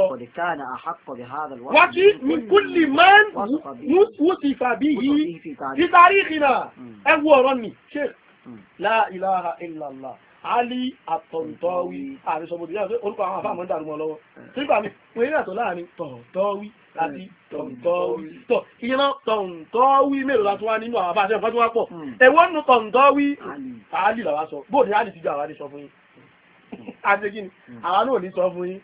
wá kí ní kúlì máa ń wúsìfà bí yìí ní tàríkì náà
ẹwú ọ̀rọ̀ ni ṣe hmm. la ilaha illallah Ali àtọ̀ntọ́wí àrísọmọdé yàtọ̀ orúkọ àwọn afáàmọ́ dàrúmọ́ lọ́wọ́ hmm. nígbà mi wọ́n yẹ́ yàtọ̀ láàrin tọ̀ntọ́wí àti tọ̀ntọ́wí tọ̀ iye náà tọ̀ntọ́wí mélòó la tún wá nínú àwọn abáṣẹ́ nǹkan ẹ̀wọ́n nù tọ̀ntọ́wí Ali làwa sọ bóòdì Ali ti jẹ́ àwa ní fún yín àti kí ni àwọn náà ní sọ fún yín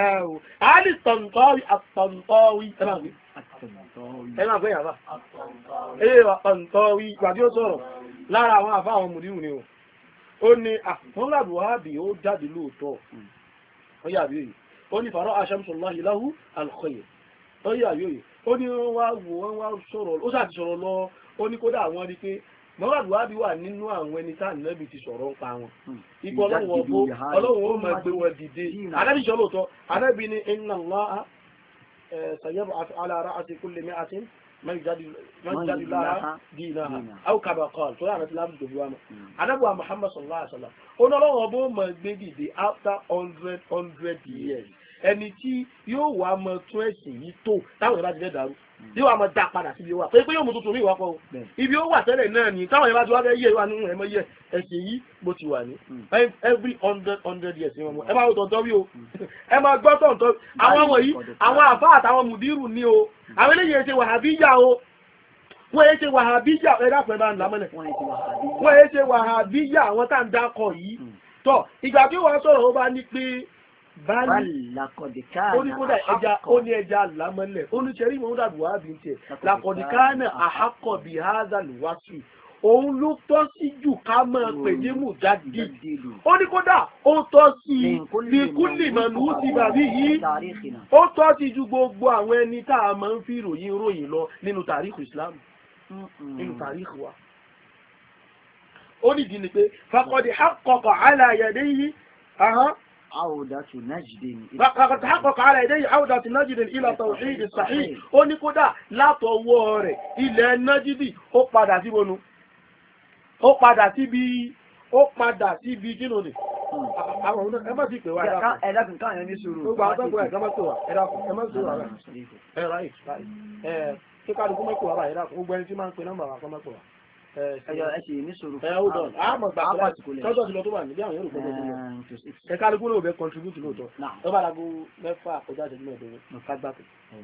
ẹ̀rù àádì tọ̀ntọ́wì àtọ̀ntọ́wì ẹ̀rù ẹ̀rù àgbẹ̀yà bá ẹ̀rù àtọ̀ntọ́wì ìgbà tí ó sọ̀rọ̀ lára àwọn àfa àwọn mùdíhù ni o ó ní àfúnlábù ah, hábì ó jáde lóòótọ́ hmm. ó yà bí òye ó ní fàárọ̀ aṣámsọ̀láhì láhù alkhair ó yà bí òye ó ní wọ́n wá wò wọ́n wá sọ̀rọ̀ ó sàti sọ̀rọ̀ lọ ó ní kódà mọ́wàá buhari wà nínú àwọn ẹni tá ànábì ti sọ̀rọ̀ ń pa wọn hmm. ipò ọlọ́run ọ̀bọ ọlọ́run ó máa gbé wọn dìde anábì sọ lóòótọ́ anábì ní inna Allah sayab'athu ala ra'si kulli mi'atin man yujadilu laha dinaha aw kama qala tó yàrá ti lábùú dòbí wa mọ́ anábì hmm. wa Muhammad sallallahu alaihi wasallam ó ní máa gbé dìde after hundred hundred years ẹni tí yóò wá mọ tún ẹ̀sìn yìí tó táwọn ìbá yóò wà mọ̀ dá padà síbi wà mi wà pọ̀ o hmm. ibi ó wà náà ni táwọn yẹn bá ti wá fẹ́ yẹ wà nínú yẹ ẹ̀sìn yìí ti wà ní hmm. every hundred hundred years ni wọ́n máa tọ̀tọ̀ o hmm. ẹ máa gbọ́ tọ̀tọ̀ àwọn ọmọ yìí àwọn ni o àwọn báyìí
ó ní kódà ẹja ó ní
ẹja àlámọ́lẹ̀ ó ní sẹ́rí ìmọ̀ọ́dà buhari ń tiẹ̀ làkọ̀dìkánà àhákọ̀bì házàlùwásù òun ló tọ́ sí jù ká máa pè ní mùjáde hmm. ó ní kódà ó tọ́ sí ní kúlìmọ̀nù ti bàbí yìí ó tọ́ sí ju gbogbo àwọn ẹni tá a máa ń fi ròyìn ròyìn lọ nínú tàríkù Islam nínú tàríkù wa ó nìdí ni pé fakọ̀dì hákọ̀kọ̀ àlàyé yìí عودة نجد فقد تحقق على يديه عودة نجد إلى توحيد الصحيح ó ní kódà látọwọ́ rẹ̀ ilẹ̀ nájídì ó padà sí wọnú padà síbi ó padà ni ti hmm. bi, wá ẹ dákun káwọn ẹni sọ̀rọ̀ gbogbo àwọn tọ́gbọ̀ ẹ̀ e má pè wá ẹ dákun ẹ̀yà ẹ̀ṣẹ̀ ìníṣòro ẹ̀yà ó dọ̀ àmọ̀ gbà ah, pẹ̀lú àsìkò lẹ̀ tọ́jọ́ ti lọ tó wà níbi àwọn yóò rò pẹ́jọ́
sílẹ̀
ẹ̀ka alukó ló bẹ kọntribútù lóòótọ́ lọ́ba alago mẹ́fà kọjá ìṣẹ́jú náà dọ̀rọ̀ nǹkan gbà pé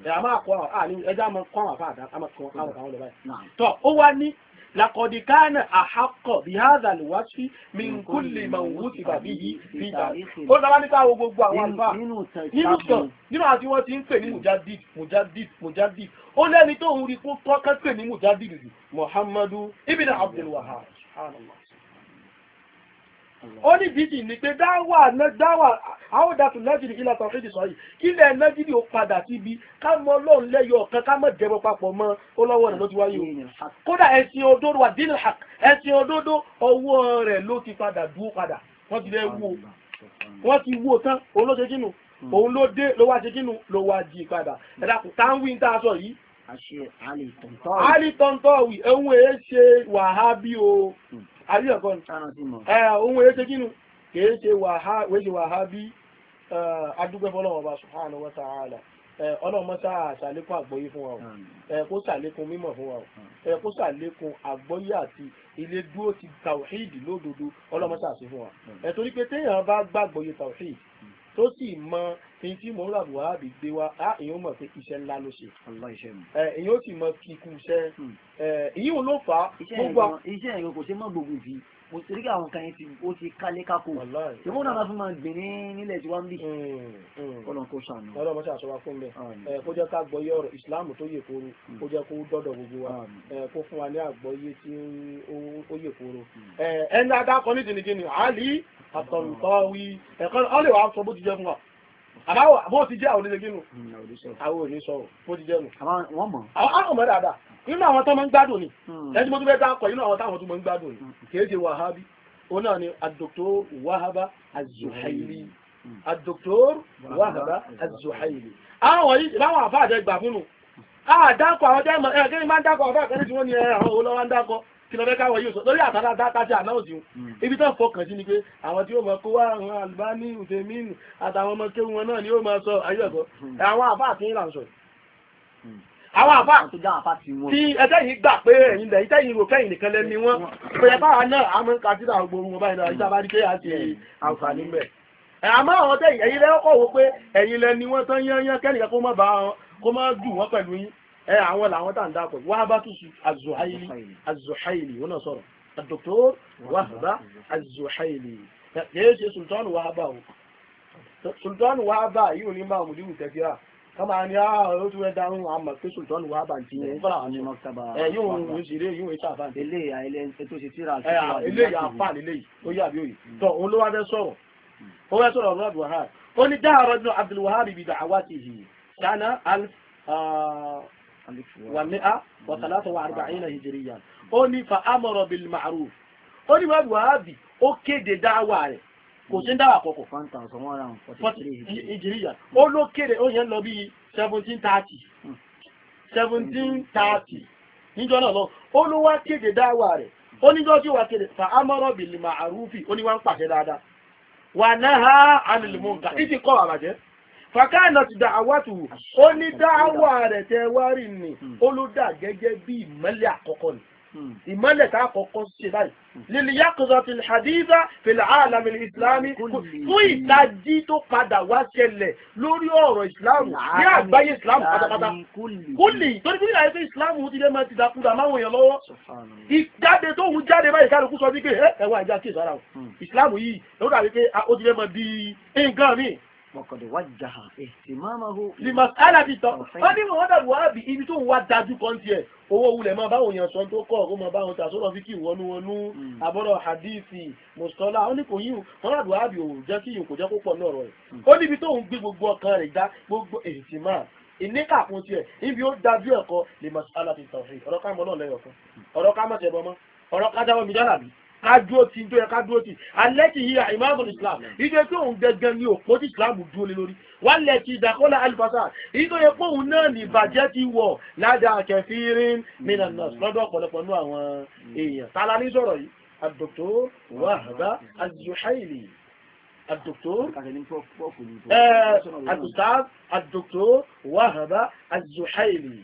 ẹ̀ àmọ́ àkọ́ àwọn àní ẹja máa kọ́ àwọn àfáàdá àmọ́ kọ́ àwọn àwọn lọ́ba yìí tọ́ ó wá ní لقد كان أحق بهذا الوصف من كل من وصف به في تاريخ ó dábàá nípa àwọn gbogbo àwọn àlùfáà nínú kan nínú àti wọ́n ti ń pè ní mujadid mujadid mujadid ó lẹ́ni tó ń rí kó tọ́kẹ́ pè ní mujadid muhammadu ibn abdul wahab ó ní bídì ní pé dáwà dáwà àwòdàtún lẹ́jìdì ilẹ̀ tọ̀fíìdì sọ yìí kí lẹ́ lẹ́jìdì ó padà síbi ká mọ ọlọ́run lẹ́yọ ọ̀kan ká mọ̀ jẹ́bọ papọ̀ mọ́ ó lọ́wọ́ rẹ̀ ló ti wáyé o kódà ẹ̀sìn òdodo wà dínà ẹ̀sìn òdodo ọwọ́ rẹ̀ ló ti padà dúó padà wọ́n ti lẹ́ wó wọ́n ti wó tán òun ló ṣe kínú hmm. òun ló dé ló wá ṣe kínú ló wá jí padà ẹ̀dá kò tá ń wí ń tá a sọ yìí àṣe àrí ọ̀kọ́ ohun èé ṣe kínú kèé ṣe wàhábí adúgbẹ́fọ́lọ́wọ́ bá subhanahu wa ta'ala ọlọ́mọ́sá àṣàlékún àgbọ́yé fún wa o kó ṣàlékún mímọ̀ fún wa o kó ṣàlékún àgbọ́yé àti ilé dúró ti tàwíìdì lódodo ọlọ́mọ́sá àṣẹ fún wa torí pé téèyàn bá gbàgbọ́yé tàwíìdì tó sì mọ fi tí mo rà wá bí gbé wa á èyàn mọ̀ pé iṣẹ́ ńlá ló ṣe.
èyàn ó sì mọ kíkú iṣẹ́ hmm. èyí ò ló fà á. iṣẹ́ ìyẹn kò ṣe mọ́ gbogbo ìfi mo ti rí kí àwọn kan yẹn ti ó ti kálé kákò tí mo náà fún máa gbìn ní nílẹ̀ tí wọ́n ń bì kọ́lọ̀ hmm, hmm. kó sànù. ọlọ́run
mọ́ṣẹ́ àṣọwá fún mi kó jẹ́ ká gbọ́ yé ọ̀rọ̀ ìsìláàmù tó yè koro hmm. kó jẹ́ kó dọ́dọ̀ gbogbo wa kó fún wa ní àgbọ́yé tí ó yè koro. ẹni adákọ nídìí nìkíni àlì àtọ̀ntọ́wí ẹ̀kọ́ ọ àbáwọ̀ bó ti jẹ́ àwọn oníṣẹ́gínú hmm, àwọn oníṣọ́wọ̀ bó ti jẹ́ nù. àwọn ọmọ dáadáa nínú àwọn tó máa ń gbádùn ni hmm. ẹni mo tún fẹ́ dákọ̀ nínú àwọn táwọn tó máa ń gbádùn ni hmm. kìí ṣe o òun náà ni adoktor wahaba azuhaili adoktor wahaba azuhaili. àwọn yìí ìbáwọn àfáàjẹ gbà fún nu àdákọ̀ àwọn jẹ́ ẹ̀ẹ́dẹ́gbẹ́ máa ń dákọ̀ àfáàkẹ́rẹ́ tí wọ́n ní àwọn olówó ń dákọ̀ kìlọ̀bẹ́ káwọ̀ yóò sọ lórí àtàlátà tàbí ànáòsì ibi tó fọkàn sí ni pé àwọn tí ó mọ̀ kó wá àwọn àlùbáni ìfẹ̀mínì àtàwọn ọmọ kéwù wọn náà ni ó máa sọ ayé ẹ̀kọ́ hmm. àwọn àfà àti ìlà ń sọ
hmm. àwọn àfà tí
ẹjẹ́ yìí gbà pé ẹ̀yìn lẹ̀ ìtẹ́ yìí rò kẹ́yìn nìkan lẹ́ni wọn pé báwa náà a mọ̀ ká síra gbogbo ohun báyìí náà ìjábá hmm. rí pé a ti àǹfààní mẹ́ àmọ́ àwọn tẹ́yìn ẹ̀yìn lẹ́kọ̀ọ́ wo pé ẹ̀yìn lẹ́ni wọ́n tán yán yán kẹ́nìkan ẹ àwọn làwọn tá à ń dápọ̀ wá bá tún sùn azuhaili azuhaili wọn náà sọ̀rọ̀ dr wahba azuhaili kìí ṣe sultan wahba o sultan wahba yìí ò ní máa mú díwù tẹ́fíà kama ni a o tún ẹ darun àmọ́ pé sultan wahba ti yẹn fọlá àwọn ní mọ́tàbà ẹ yóò ń wọ́n ṣeré yóò ń ṣàfà eléyà eléyà tó ṣe tíra eléyà àfà lélẹ́yìí ó yà bí òye tó òun ló wá fẹ́ sọ̀rọ̀ ó fẹ́ sọ̀rọ̀ ọ̀rọ̀ àbúrò ó ní dáhà rọ́jò Abdul Wahhab bi da'awatihi sana alf wàmíà wàtàlátọ̀ wà àrùbáyìn náà hijiriya ó ní fa amọ̀rọ̀ bil ma'ruf ó ní wàá wàhábì ó kéde dáwà rẹ̀ kò sí ó ló kéde ó yẹn lọ bí seventeen thirty hmm. seventeen kéde dáwà rẹ̀ ó níjọ́ tí ní fàkànà ti dá àwátù ó ní dáwà rẹ̀ tẹ wá rí ni hmm. ó ló dà gẹ́gẹ́ bí ìmọ́lẹ̀ àkọ́kọ́ ni hmm. ìmọ́lẹ̀ tá àkọ́kọ́ ṣe báyìí lílì yàkùsọ̀ ti hadiza fìlà àlàmì ìsìlámi fún ìtají tó padà wá ṣẹlẹ̀ lórí ọ̀rọ̀ ìsìlámù ní àgbáyé ìsìlámù pátápátá kúlì torí kúlì àyẹ̀fẹ́ ìsìlámù ti lè máa ti dàkúdà máwọn èèyàn lọ́wọ́ ìjáde tó ń jáde báyìí kálukú sọ wípé ẹwà ìjà kí ìsára hmm. ìsìlámù yìí ló dàbí pé ó ti lè máa bí nǹkan míì
wọ́kọ̀dé wá jaha èsì máa ma hó. lima alábi tán wọ́n ní wọ́n dàbò
àbí ibi tó ń wá dájú kan tiẹ̀ owó wulẹ̀ máa báwọn èèyàn sọ tó kọ̀ kó máa báwọn tà sọ́dọ̀ fi kí wọnú wọnú hmm. àbọ̀dọ̀ hadithi mùsùlùmá ó ní kò yí wọ́n dàbò àbí òun jẹ́ kí kò jẹ́ kó pọ̀ náà rọ̀ ẹ̀. Hmm. ó níbi tó ń gbé gbogbo ọkàn rẹ̀ dá gbogbo èsì máa ìníkà kún tiẹ̀ níbi ó dájú ẹ̀kọ́ lima alábi tán ọ̀rọ̀ ká mọ́ náà lẹ́yọ̀ fún ọ̀rọ̀ ká dúró ti tó yẹ ká dúró ti alẹ́ ti yíya ìmáàmù islam ìdè tó òun gẹ́gẹ́ ní òpó tí islam dúró lé lórí wà lẹ̀ ti ìdàkọ́lá alifasa ìdè yẹ pé òun náà ní ìbàjẹ́ ti wọ̀ ládàá kẹfìrín mìíràn náà lọ́dọ̀ ọ̀pọ̀lọpọ̀ ní àwọn èèyàn tala ní sọ̀rọ̀ yìí Dr. Wahba Az-Zuhaili الدكتور الأستاذ الدكتور وهبة الزحيلي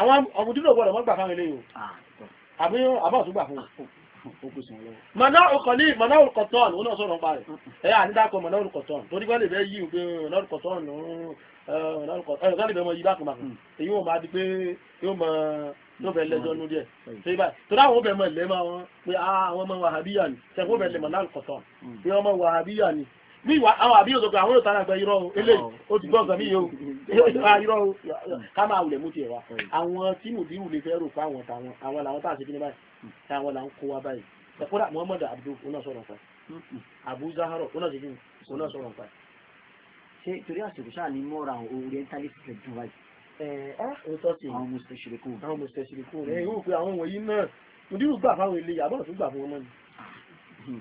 àwọn ọmọdé náà gbọ́dọ̀ mọ́gbà fáwọn eléyìí o ah, àbí àbá òtún gbà fún un mọ̀nà òkọ̀lì mọ̀nà òkọ̀tọ́ọ̀nù ó náà sọ̀rọ̀ ń parẹ̀ ẹ̀ ànídàkọ̀ mọ̀nà òkọ̀tọ́ọ̀nù torí pẹ́lú ìbẹ́ yìí pé mọ̀nà òkọ̀tọ́ọ̀nù ọ̀rọ̀ ìbẹ́ mọ̀ yìí bákùnbákùn èyí wọn máa di pé yóò mọ̀ yóò bẹ̀ lẹ́jọ́ nú díẹ̀ ṣe báyìí torí àwọn obìnrin mọ̀ ilẹ̀ máa wọn pé ah, àwọn ọmọ wàhábíyà ni ṣẹ́gun obìnrin mọ̀nà òkọ̀tọ́ọ̀nù ní ìwà àwọn àbí òṣogbo àwọn yóò tánà gbẹ irọ́ o eléyìí ó ti gbọ́ǹkan mí o irọ́ o ká máa wulẹ̀ mú tiẹ̀ wá àwọn tí mùdírù lè fẹ́ rò fún tàwọn àwọn làwọn tá a ṣe kí ní báyìí táwọn là ń kó wá báyìí ẹ̀kọ́dà Muhammad Abdul ọ̀nà sọ̀rọ̀ nǹkan Abu Zahra ọ̀nà ṣe kí ní ọ̀nà sọ̀rọ̀
nǹkan. ṣé torí àsìkò sáà ni mọ́ra orientalist fẹ́ dùn wáyé.
ẹ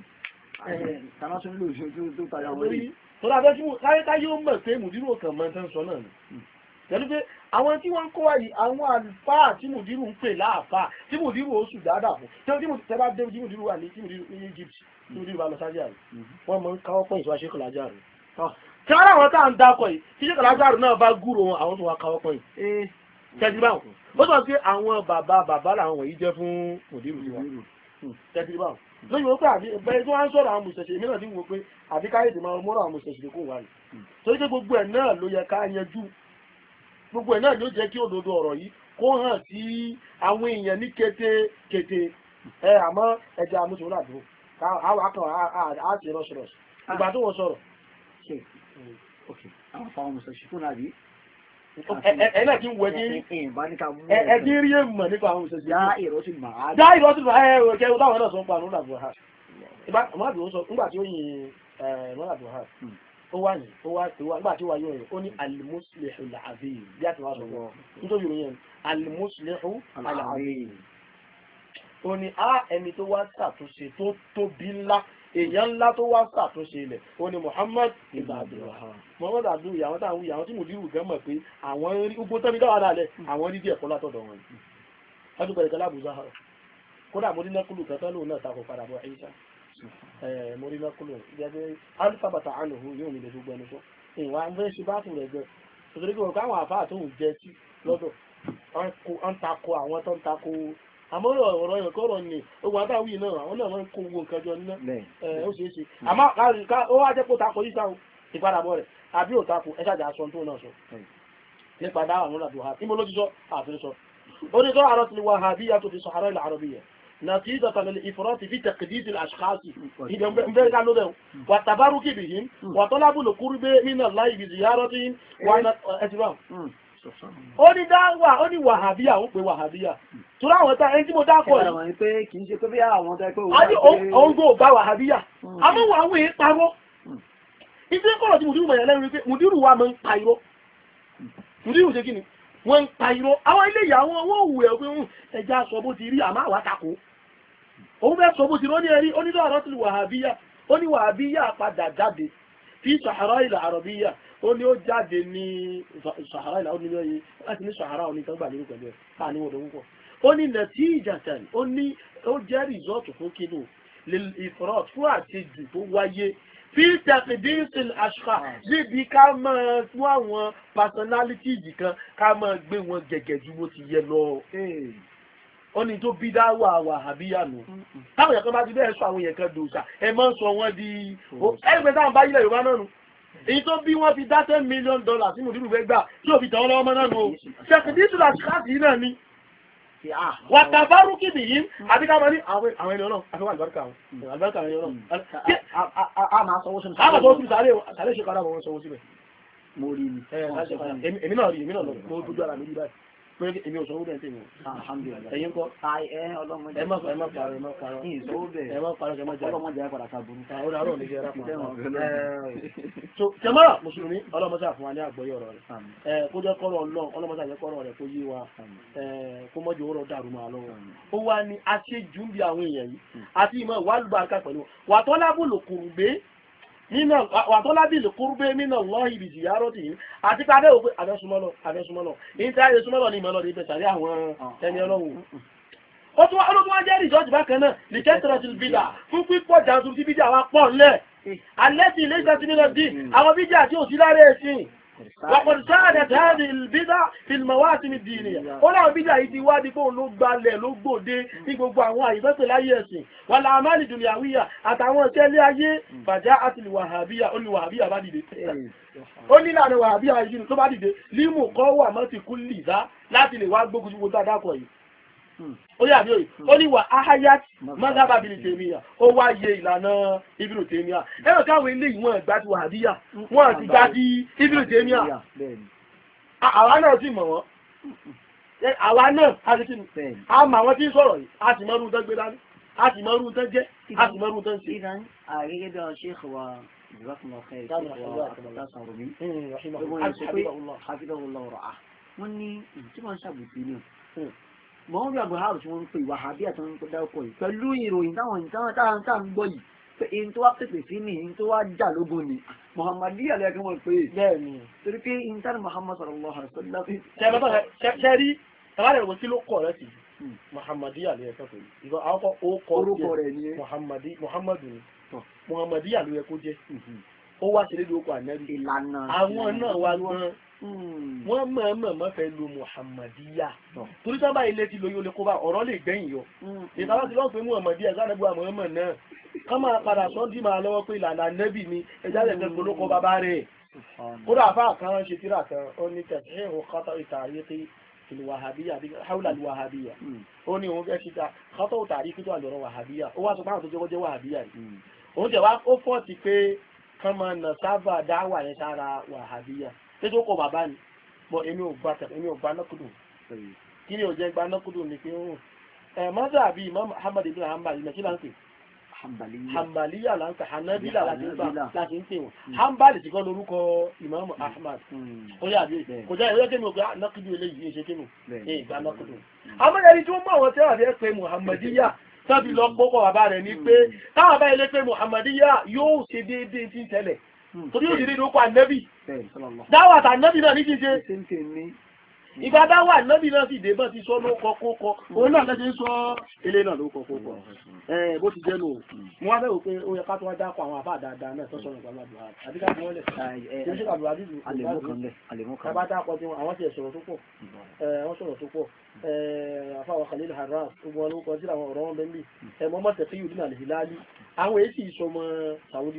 kaná tún lò sí ojú tó tayà wọlé. tọ́lá abẹ́ tí káyékáyé ó mọ̀ pé mùdírù ọ̀kan máa ń tán sọ náà ni. Hmm. pẹ̀lú pé àwọn tí wọ́n ń kó wáyé àwọn àlùfáà tí mùdírù ń pè láàfáà tí mùdírù ó sùn dáadáa fún tí mùdírù tẹ́lá dé tí mùdírù wà ní tí mùdírù ní Egypt tí mùdírù bá lọ sájà rẹ̀ hmm. wọ́n mọ̀ káwọ́ pọ̀ ìṣọ́ aṣẹ́kọ̀ọ́ rẹ̀ tí ara àwọn tá à ń dakọ̀ yìí tí ṣẹ́kọ̀ọ́ rẹ̀ náà bá gúrò àwọn tó wá káwọ́ pọ̀ yìí eh. tẹ́tìrìbáwò ó sọ lóyìn wọ́n pé àfi bẹ́ẹ̀ tí wọ́n ń sọ̀rọ̀ àwọn mùsẹ̀ṣẹ̀ èmi náà ti ń wo pé àfi káyọ̀dé máa mọ́rọ̀ àwọn mùsẹ̀ṣẹ̀ kò wà ní. torí pé gbogbo ẹ̀ náà ló yẹ ká yanjú gbogbo ẹ̀ náà ló jẹ́ kí òdodo ọ̀rọ̀ yìí kó hàn sí àwọn èèyàn ní kété kété ẹ àmọ́
ẹ̀jẹ̀ àmúṣòwò àdúró àwọn akọ̀ àti rọ̀ṣọ̀rọ̀ṣọ̀ ìgbà tó wọ́n sọ̀rọ̀. àwọn fáwọn mùsẹ̀ṣẹ̀ fún àbí ẹ̀ẹ́nà kí ń wọ ẹ̀dí rí èmọ̀ nípa àwọn òṣèṣẹ́ dá ìrọ́sí màá dá
ìrọ́sí màá ẹ̀ òkè táwọn náà sọ ń pa àwọn ọ̀làbọ̀ ha ìbáàbí ó sọ nígbà tí ó yin ọ̀làbọ̀ ha hmm. ó wà yìí ó wà nígbà tí ó wà yóò yìí ó ní alimusilihu làbíyì bí a ti wá sọ wọn nítorí òun yẹn alimusilihu làbíyì ó ní á ẹni tó wá ṣàtúnṣe tó tóbi ńlá èèyàn ńlá tó wá ṣàtúnṣe ilẹ̀ ó ní Muhammad ibn Abdulwahab Muhammad abdul ìyàwó tá àwọn ìyàwó tí mo dìrù gan mọ̀ pé àwọn rí ugbó tán ní dáwà dálẹ̀ àwọn rí díẹ̀ kọ́ látọ̀dọ̀ wọn yìí ọdún bẹ̀rẹ̀ kan lábùzá hàn kódà mo rí nákùlù kan tán lóun náà takò padà bọ̀ àyíṣà mo rí nákùlù gẹ́gẹ́ alifabata anuhu yóò mi lè gbogbo ẹni sọ ìwà ń fẹ́ ṣe bá tù rẹ̀ gan nítorí pé káwọn àfáà tó ń jẹ sí lọ́dọ̀ ọ̀n takò àwọn tó ń takò àmọ́rọ̀ ọ̀rọ̀ ìrọ̀kọ́rọ̀ ni ogun adáwì náà àwọn náà máa ń kó gbogbo nǹkan jọ níná ó ṣeé ṣe àmọ́ ó wá jẹ́ kó takò yíta o ìpadàbọ̀ rẹ̀ àbí ò takò ẹ ṣàjà aṣọ tó náà sọ nípa dáhà àwọn àdùn ha níbo ló ti sọ àfi sọ ó ní sọ àrọ ti wà ha bí yàtọ̀ fi sọ àrọ ilẹ̀ àrọbí yẹn نتيجة للإفراط في تقديس الأشخاص وتبارك ó ní dáwà ó ní wàhábíyà ó pè wàhábíyà tó láwọn tá ẹni tí mo dákọ̀ rẹ̀ wọ́n pé kì í ṣe pé bí àwọn tó ẹgbẹ́ òun gbọ́ bá hmm. àmọ́ wà èèyàn parọ́ tí mùdírù lẹ́nu mùdírù wa máa ń pa irọ́ mùdírù ṣe kí ni wọ́n ń pa irọ́ àwọn ilé ìyàwó hmm, ẹ̀ ó ní ó jáde ní sahara ìlà ó ní lọ́yìn láti ní sahara ó ní kan gbà nínú pẹ̀lú ẹ̀ ká ní wọ́n púpọ̀ ó ní nàtí ìjàtàn ó ní ó jẹ́ rìsọ́ọ̀tù fún kínú ìfọ̀rọ̀t fún àtijù tó wáyé fi tẹ̀sídíńsì àṣà níbi ká máa fún àwọn personalities kan ká máa gbé wọn gẹ̀gẹ̀ ju bó ti yẹ lọ ó ní tó bí dáwà wà àbíyà nù táwọn èèyàn bá ti bẹ́ẹ̀ sọ àwọn èèyàn kan dòòṣà ẹ máa ń sọ wọn di ẹgbẹ́ táwọn bá yílẹ̀ yorùbá náà nù èyí tó bí wọ́n fi dá ten million dollars nínú ìdúró fẹ́ gbà tí ò fi tàn ọlọ́mọ náà nù. ṣèkìdí tún láti káàdì yìí náà ni. wàtà fárúkì nìyí àti ká máa ní àwọn ẹni ọlọ́run àfi àlùbáríkà àwọn àlùbáríkà àwọn ẹni ọlọ́run. a máa sanwó sínú sáré wọn sáré
ṣe padà wọn sanwó síbẹ̀. mo rí i èmi náà rí èmi náà lọ mo dojú ara mi rí báyìí pé èmi ò sọ wúdẹ̀ tèmi ah, alhamdulillah ẹ̀yin kọ́ ẹ ọlọ́mọdé ẹ má parọ́ ẹ má parọ́ ẹ má parọ́ ẹ má parọ́ ẹ má jẹ́ ọlọ́mọdé ẹ padà ká burú ọ̀rọ̀ àrọ̀ ní ìjẹ́ra kan
so jẹmọ́ra mùsùlùmí ọlọ́mọdé àfún wa ní àgbọ́yé ọ̀rọ̀ rẹ̀ kó jẹ́ kọ́rọ̀ ọlọ́run ọlọ́mọdé àjẹ́ kọ́rọ̀ rẹ̀ kó yé wa kó mọ́jọ owó rọ̀ dàrú máa lọ́wọ́ ó wá ní aṣejù ń bi àwọn èèyàn yìí àti hmm. ìmọ̀ ìwà àlùbáríkà pẹ̀lú wàtọ́lábùlùkùn gbé wàtọ́lábìlì kúrúgbé mínà lọ́hìn ibi ìyá rọ́dì yìí àti pé abẹ́ òpé abẹ́súmọ́lọ̀ abẹ́súmọ́lọ̀ èyí tí a yẹ súnmọ́lọ̀ ní ìmọ̀lọ́ ní ìbẹ̀sàrí àwọn ẹni ọlọ́run ó tún wọ́n tún wọ́n jẹ́ rìsọ́ọ̀tì bákan náà ní kẹ́tẹ̀rẹ̀ ti bídà fún pípọ̀ jàǹtù tí bídà wa pọ̀ nílẹ̀ alẹ́ ti ilé ìgbà tí mi lọ dín àwọn bídà tí ò sí lára ẹ̀sìn
وقد ساعدت هذه
البدع في المواسم الدينية ó láwọn bídà yìí ti wá di fóun ló gbalẹ̀ ló gbòde ní gbogbo àwọn àyíbẹ́sẹ̀ láyé ẹ̀sìn wà láàmàlì dùnìyàwíyà àtàwọn ìṣẹ́lẹ̀ ayé bàjá àti wàhábíyà olùwàhábíyà bá dìde ó nílànà wàhábíyà ìṣirò tó bá dìde límù kọ́ wà mọ́ ti kú lìdá láti lè wá gbógun sí gbogbo àdákọ̀ yìí Hmm. ó yà bí òye hmm. ó ní wà áháyát mọ́gábà bíi tèmíyà ó wá yẹ ìlànà ibiru tèmíyà ẹ̀rọ káwọn eléyìí wọ́n gbá ti wàhábíyà wọ́n ti gbá ti ibiru tèmíyà àwa náà sì mọ̀ wọ́n hmm. àwa náà a ti kíni a mọ̀ àwọn tí ń sọ̀rọ̀ yìí a sì mọ̀ irun tán gbé dání a sì mọ̀
irun tán jẹ́ a sì mọ̀ irun tán ṣe. ìdáni àgẹ́gẹ́ bí ọ̀ṣẹ́ ìwà ìwákùnrin ọ̀kẹ́ ìwà àtàlásán mọ̀ọ́n bí àgbàhàrù tí wọ́n ń pè wàhábí àtàwọn tó dárúkọ yìí pẹ̀lú ìròyìn táwọn ìtàn táwọn táwọn gbọ́ yìí pé èyí tó wá pèpè sí ni èyí tó wá jà lógun ni muhammadu yàrá ẹ̀kọ́ wọn pé. bẹ́ẹ̀ni torí pé intan muhammad sallallahu alaihi wa sallam.
sẹ́rí tàbálẹ̀ ìwé kí ló kọ̀ rẹ̀ sí hmm. muhammadu yàrá ẹ̀kọ́ pé ìgbà àwọn orúkọ rẹ̀ ni muhammadu ni muhammadu yàrá ẹ̀kọ́ jẹ́ hmm, hmm ó wá ṣe lédi okò ànábì ìlànà àwọn náà wá gan hmm. wọ́n mọ̀ọ́mọ̀ mọ́ fẹ́ lo muhammadiya torí sábà ilé ti lóyún olè kó bá ọ̀rọ̀ lè gbẹ̀yìn yọ
hmm. ìtàwọn
ti lọ́ọ̀ muhammadiya sáré bu àmọ́ọ́mọ̀ náà ká máa padà sọ́ọ́dì máa lọ́wọ́ pé ìlànà ànábì ni ẹja lè fẹ́ polókọ bàbá rẹ̀ kódà àfáà kan ṣe tíra kan ó ní tẹ̀sí ìhòkátà ìtààyè pé الوهابية حول الوهابية ó ní òun fẹ́ ṣíta wàhábíyà ó wá hmm. òun jẹ́ kán máa nà sábà dáwà ní sára wàhábíyà títí ó kọ bàbá ni bọ èmi ò gbà tẹ̀lé èmi ò gbà nọ́kùdù kí ni ò jẹ́ gbà nọ́kùdù ní pé ń rùn ẹ̀ mọ́tà àbí imam ahmad ibn hanbal ilẹ̀ kí là ń pè hanbaliya là ń pè hanabila láti ń pè wọn hmm. hanbali ti kọ́ lórúkọ imam ahmad hmm. Hmm. ó yà bí kò jẹ́ ìwé kémi ògbà nọ́kùdù eléyìí ìṣe kémi ìgbà nọ́kùdù amẹ́rẹ́ni tí wọ́n mọ̀ àwọn tẹ́wà tọ́bi lọ pọ́pọ̀ bàbá rẹ̀ ní pé hmm. táwọn bá ilé pé Muhammadiyya yóò ṣe déédéé tí ń tẹ́lẹ̀ hmm. torí òṣèré ló pa nẹ́bì dáwàtà nẹ́bì náà ní kí ìgbà bá wà lọ́bì náà sì dé bọ́ ti sọ ló kọ kó kọ òun náà lẹ́sẹ̀ ń sọ ilé náà ló kọ kó kọ bó ti jẹ́ nù mo wá bẹ̀rù pé ó yẹ ká tó wá dákọ̀ àwọn àbá dáadáa náà sọ́sọ́ nípa àdúrà àbí ká fi wọ́n lẹ̀ kí ó ṣe àdúrà dídù àlèmọ́kànlẹ̀ bá dákọ̀ tí àwọn ti sọ̀rọ̀ tó pọ̀ wọ́n sọ̀rọ̀ tó pọ̀ àfàwọn Khalil Harras gbogbo wọn ló kọjú àwọn ọ̀rọ̀ wọn bẹ́ẹ̀ bí ẹ̀ mọ́mọ́ tẹ̀fẹ́ yìí ní àlè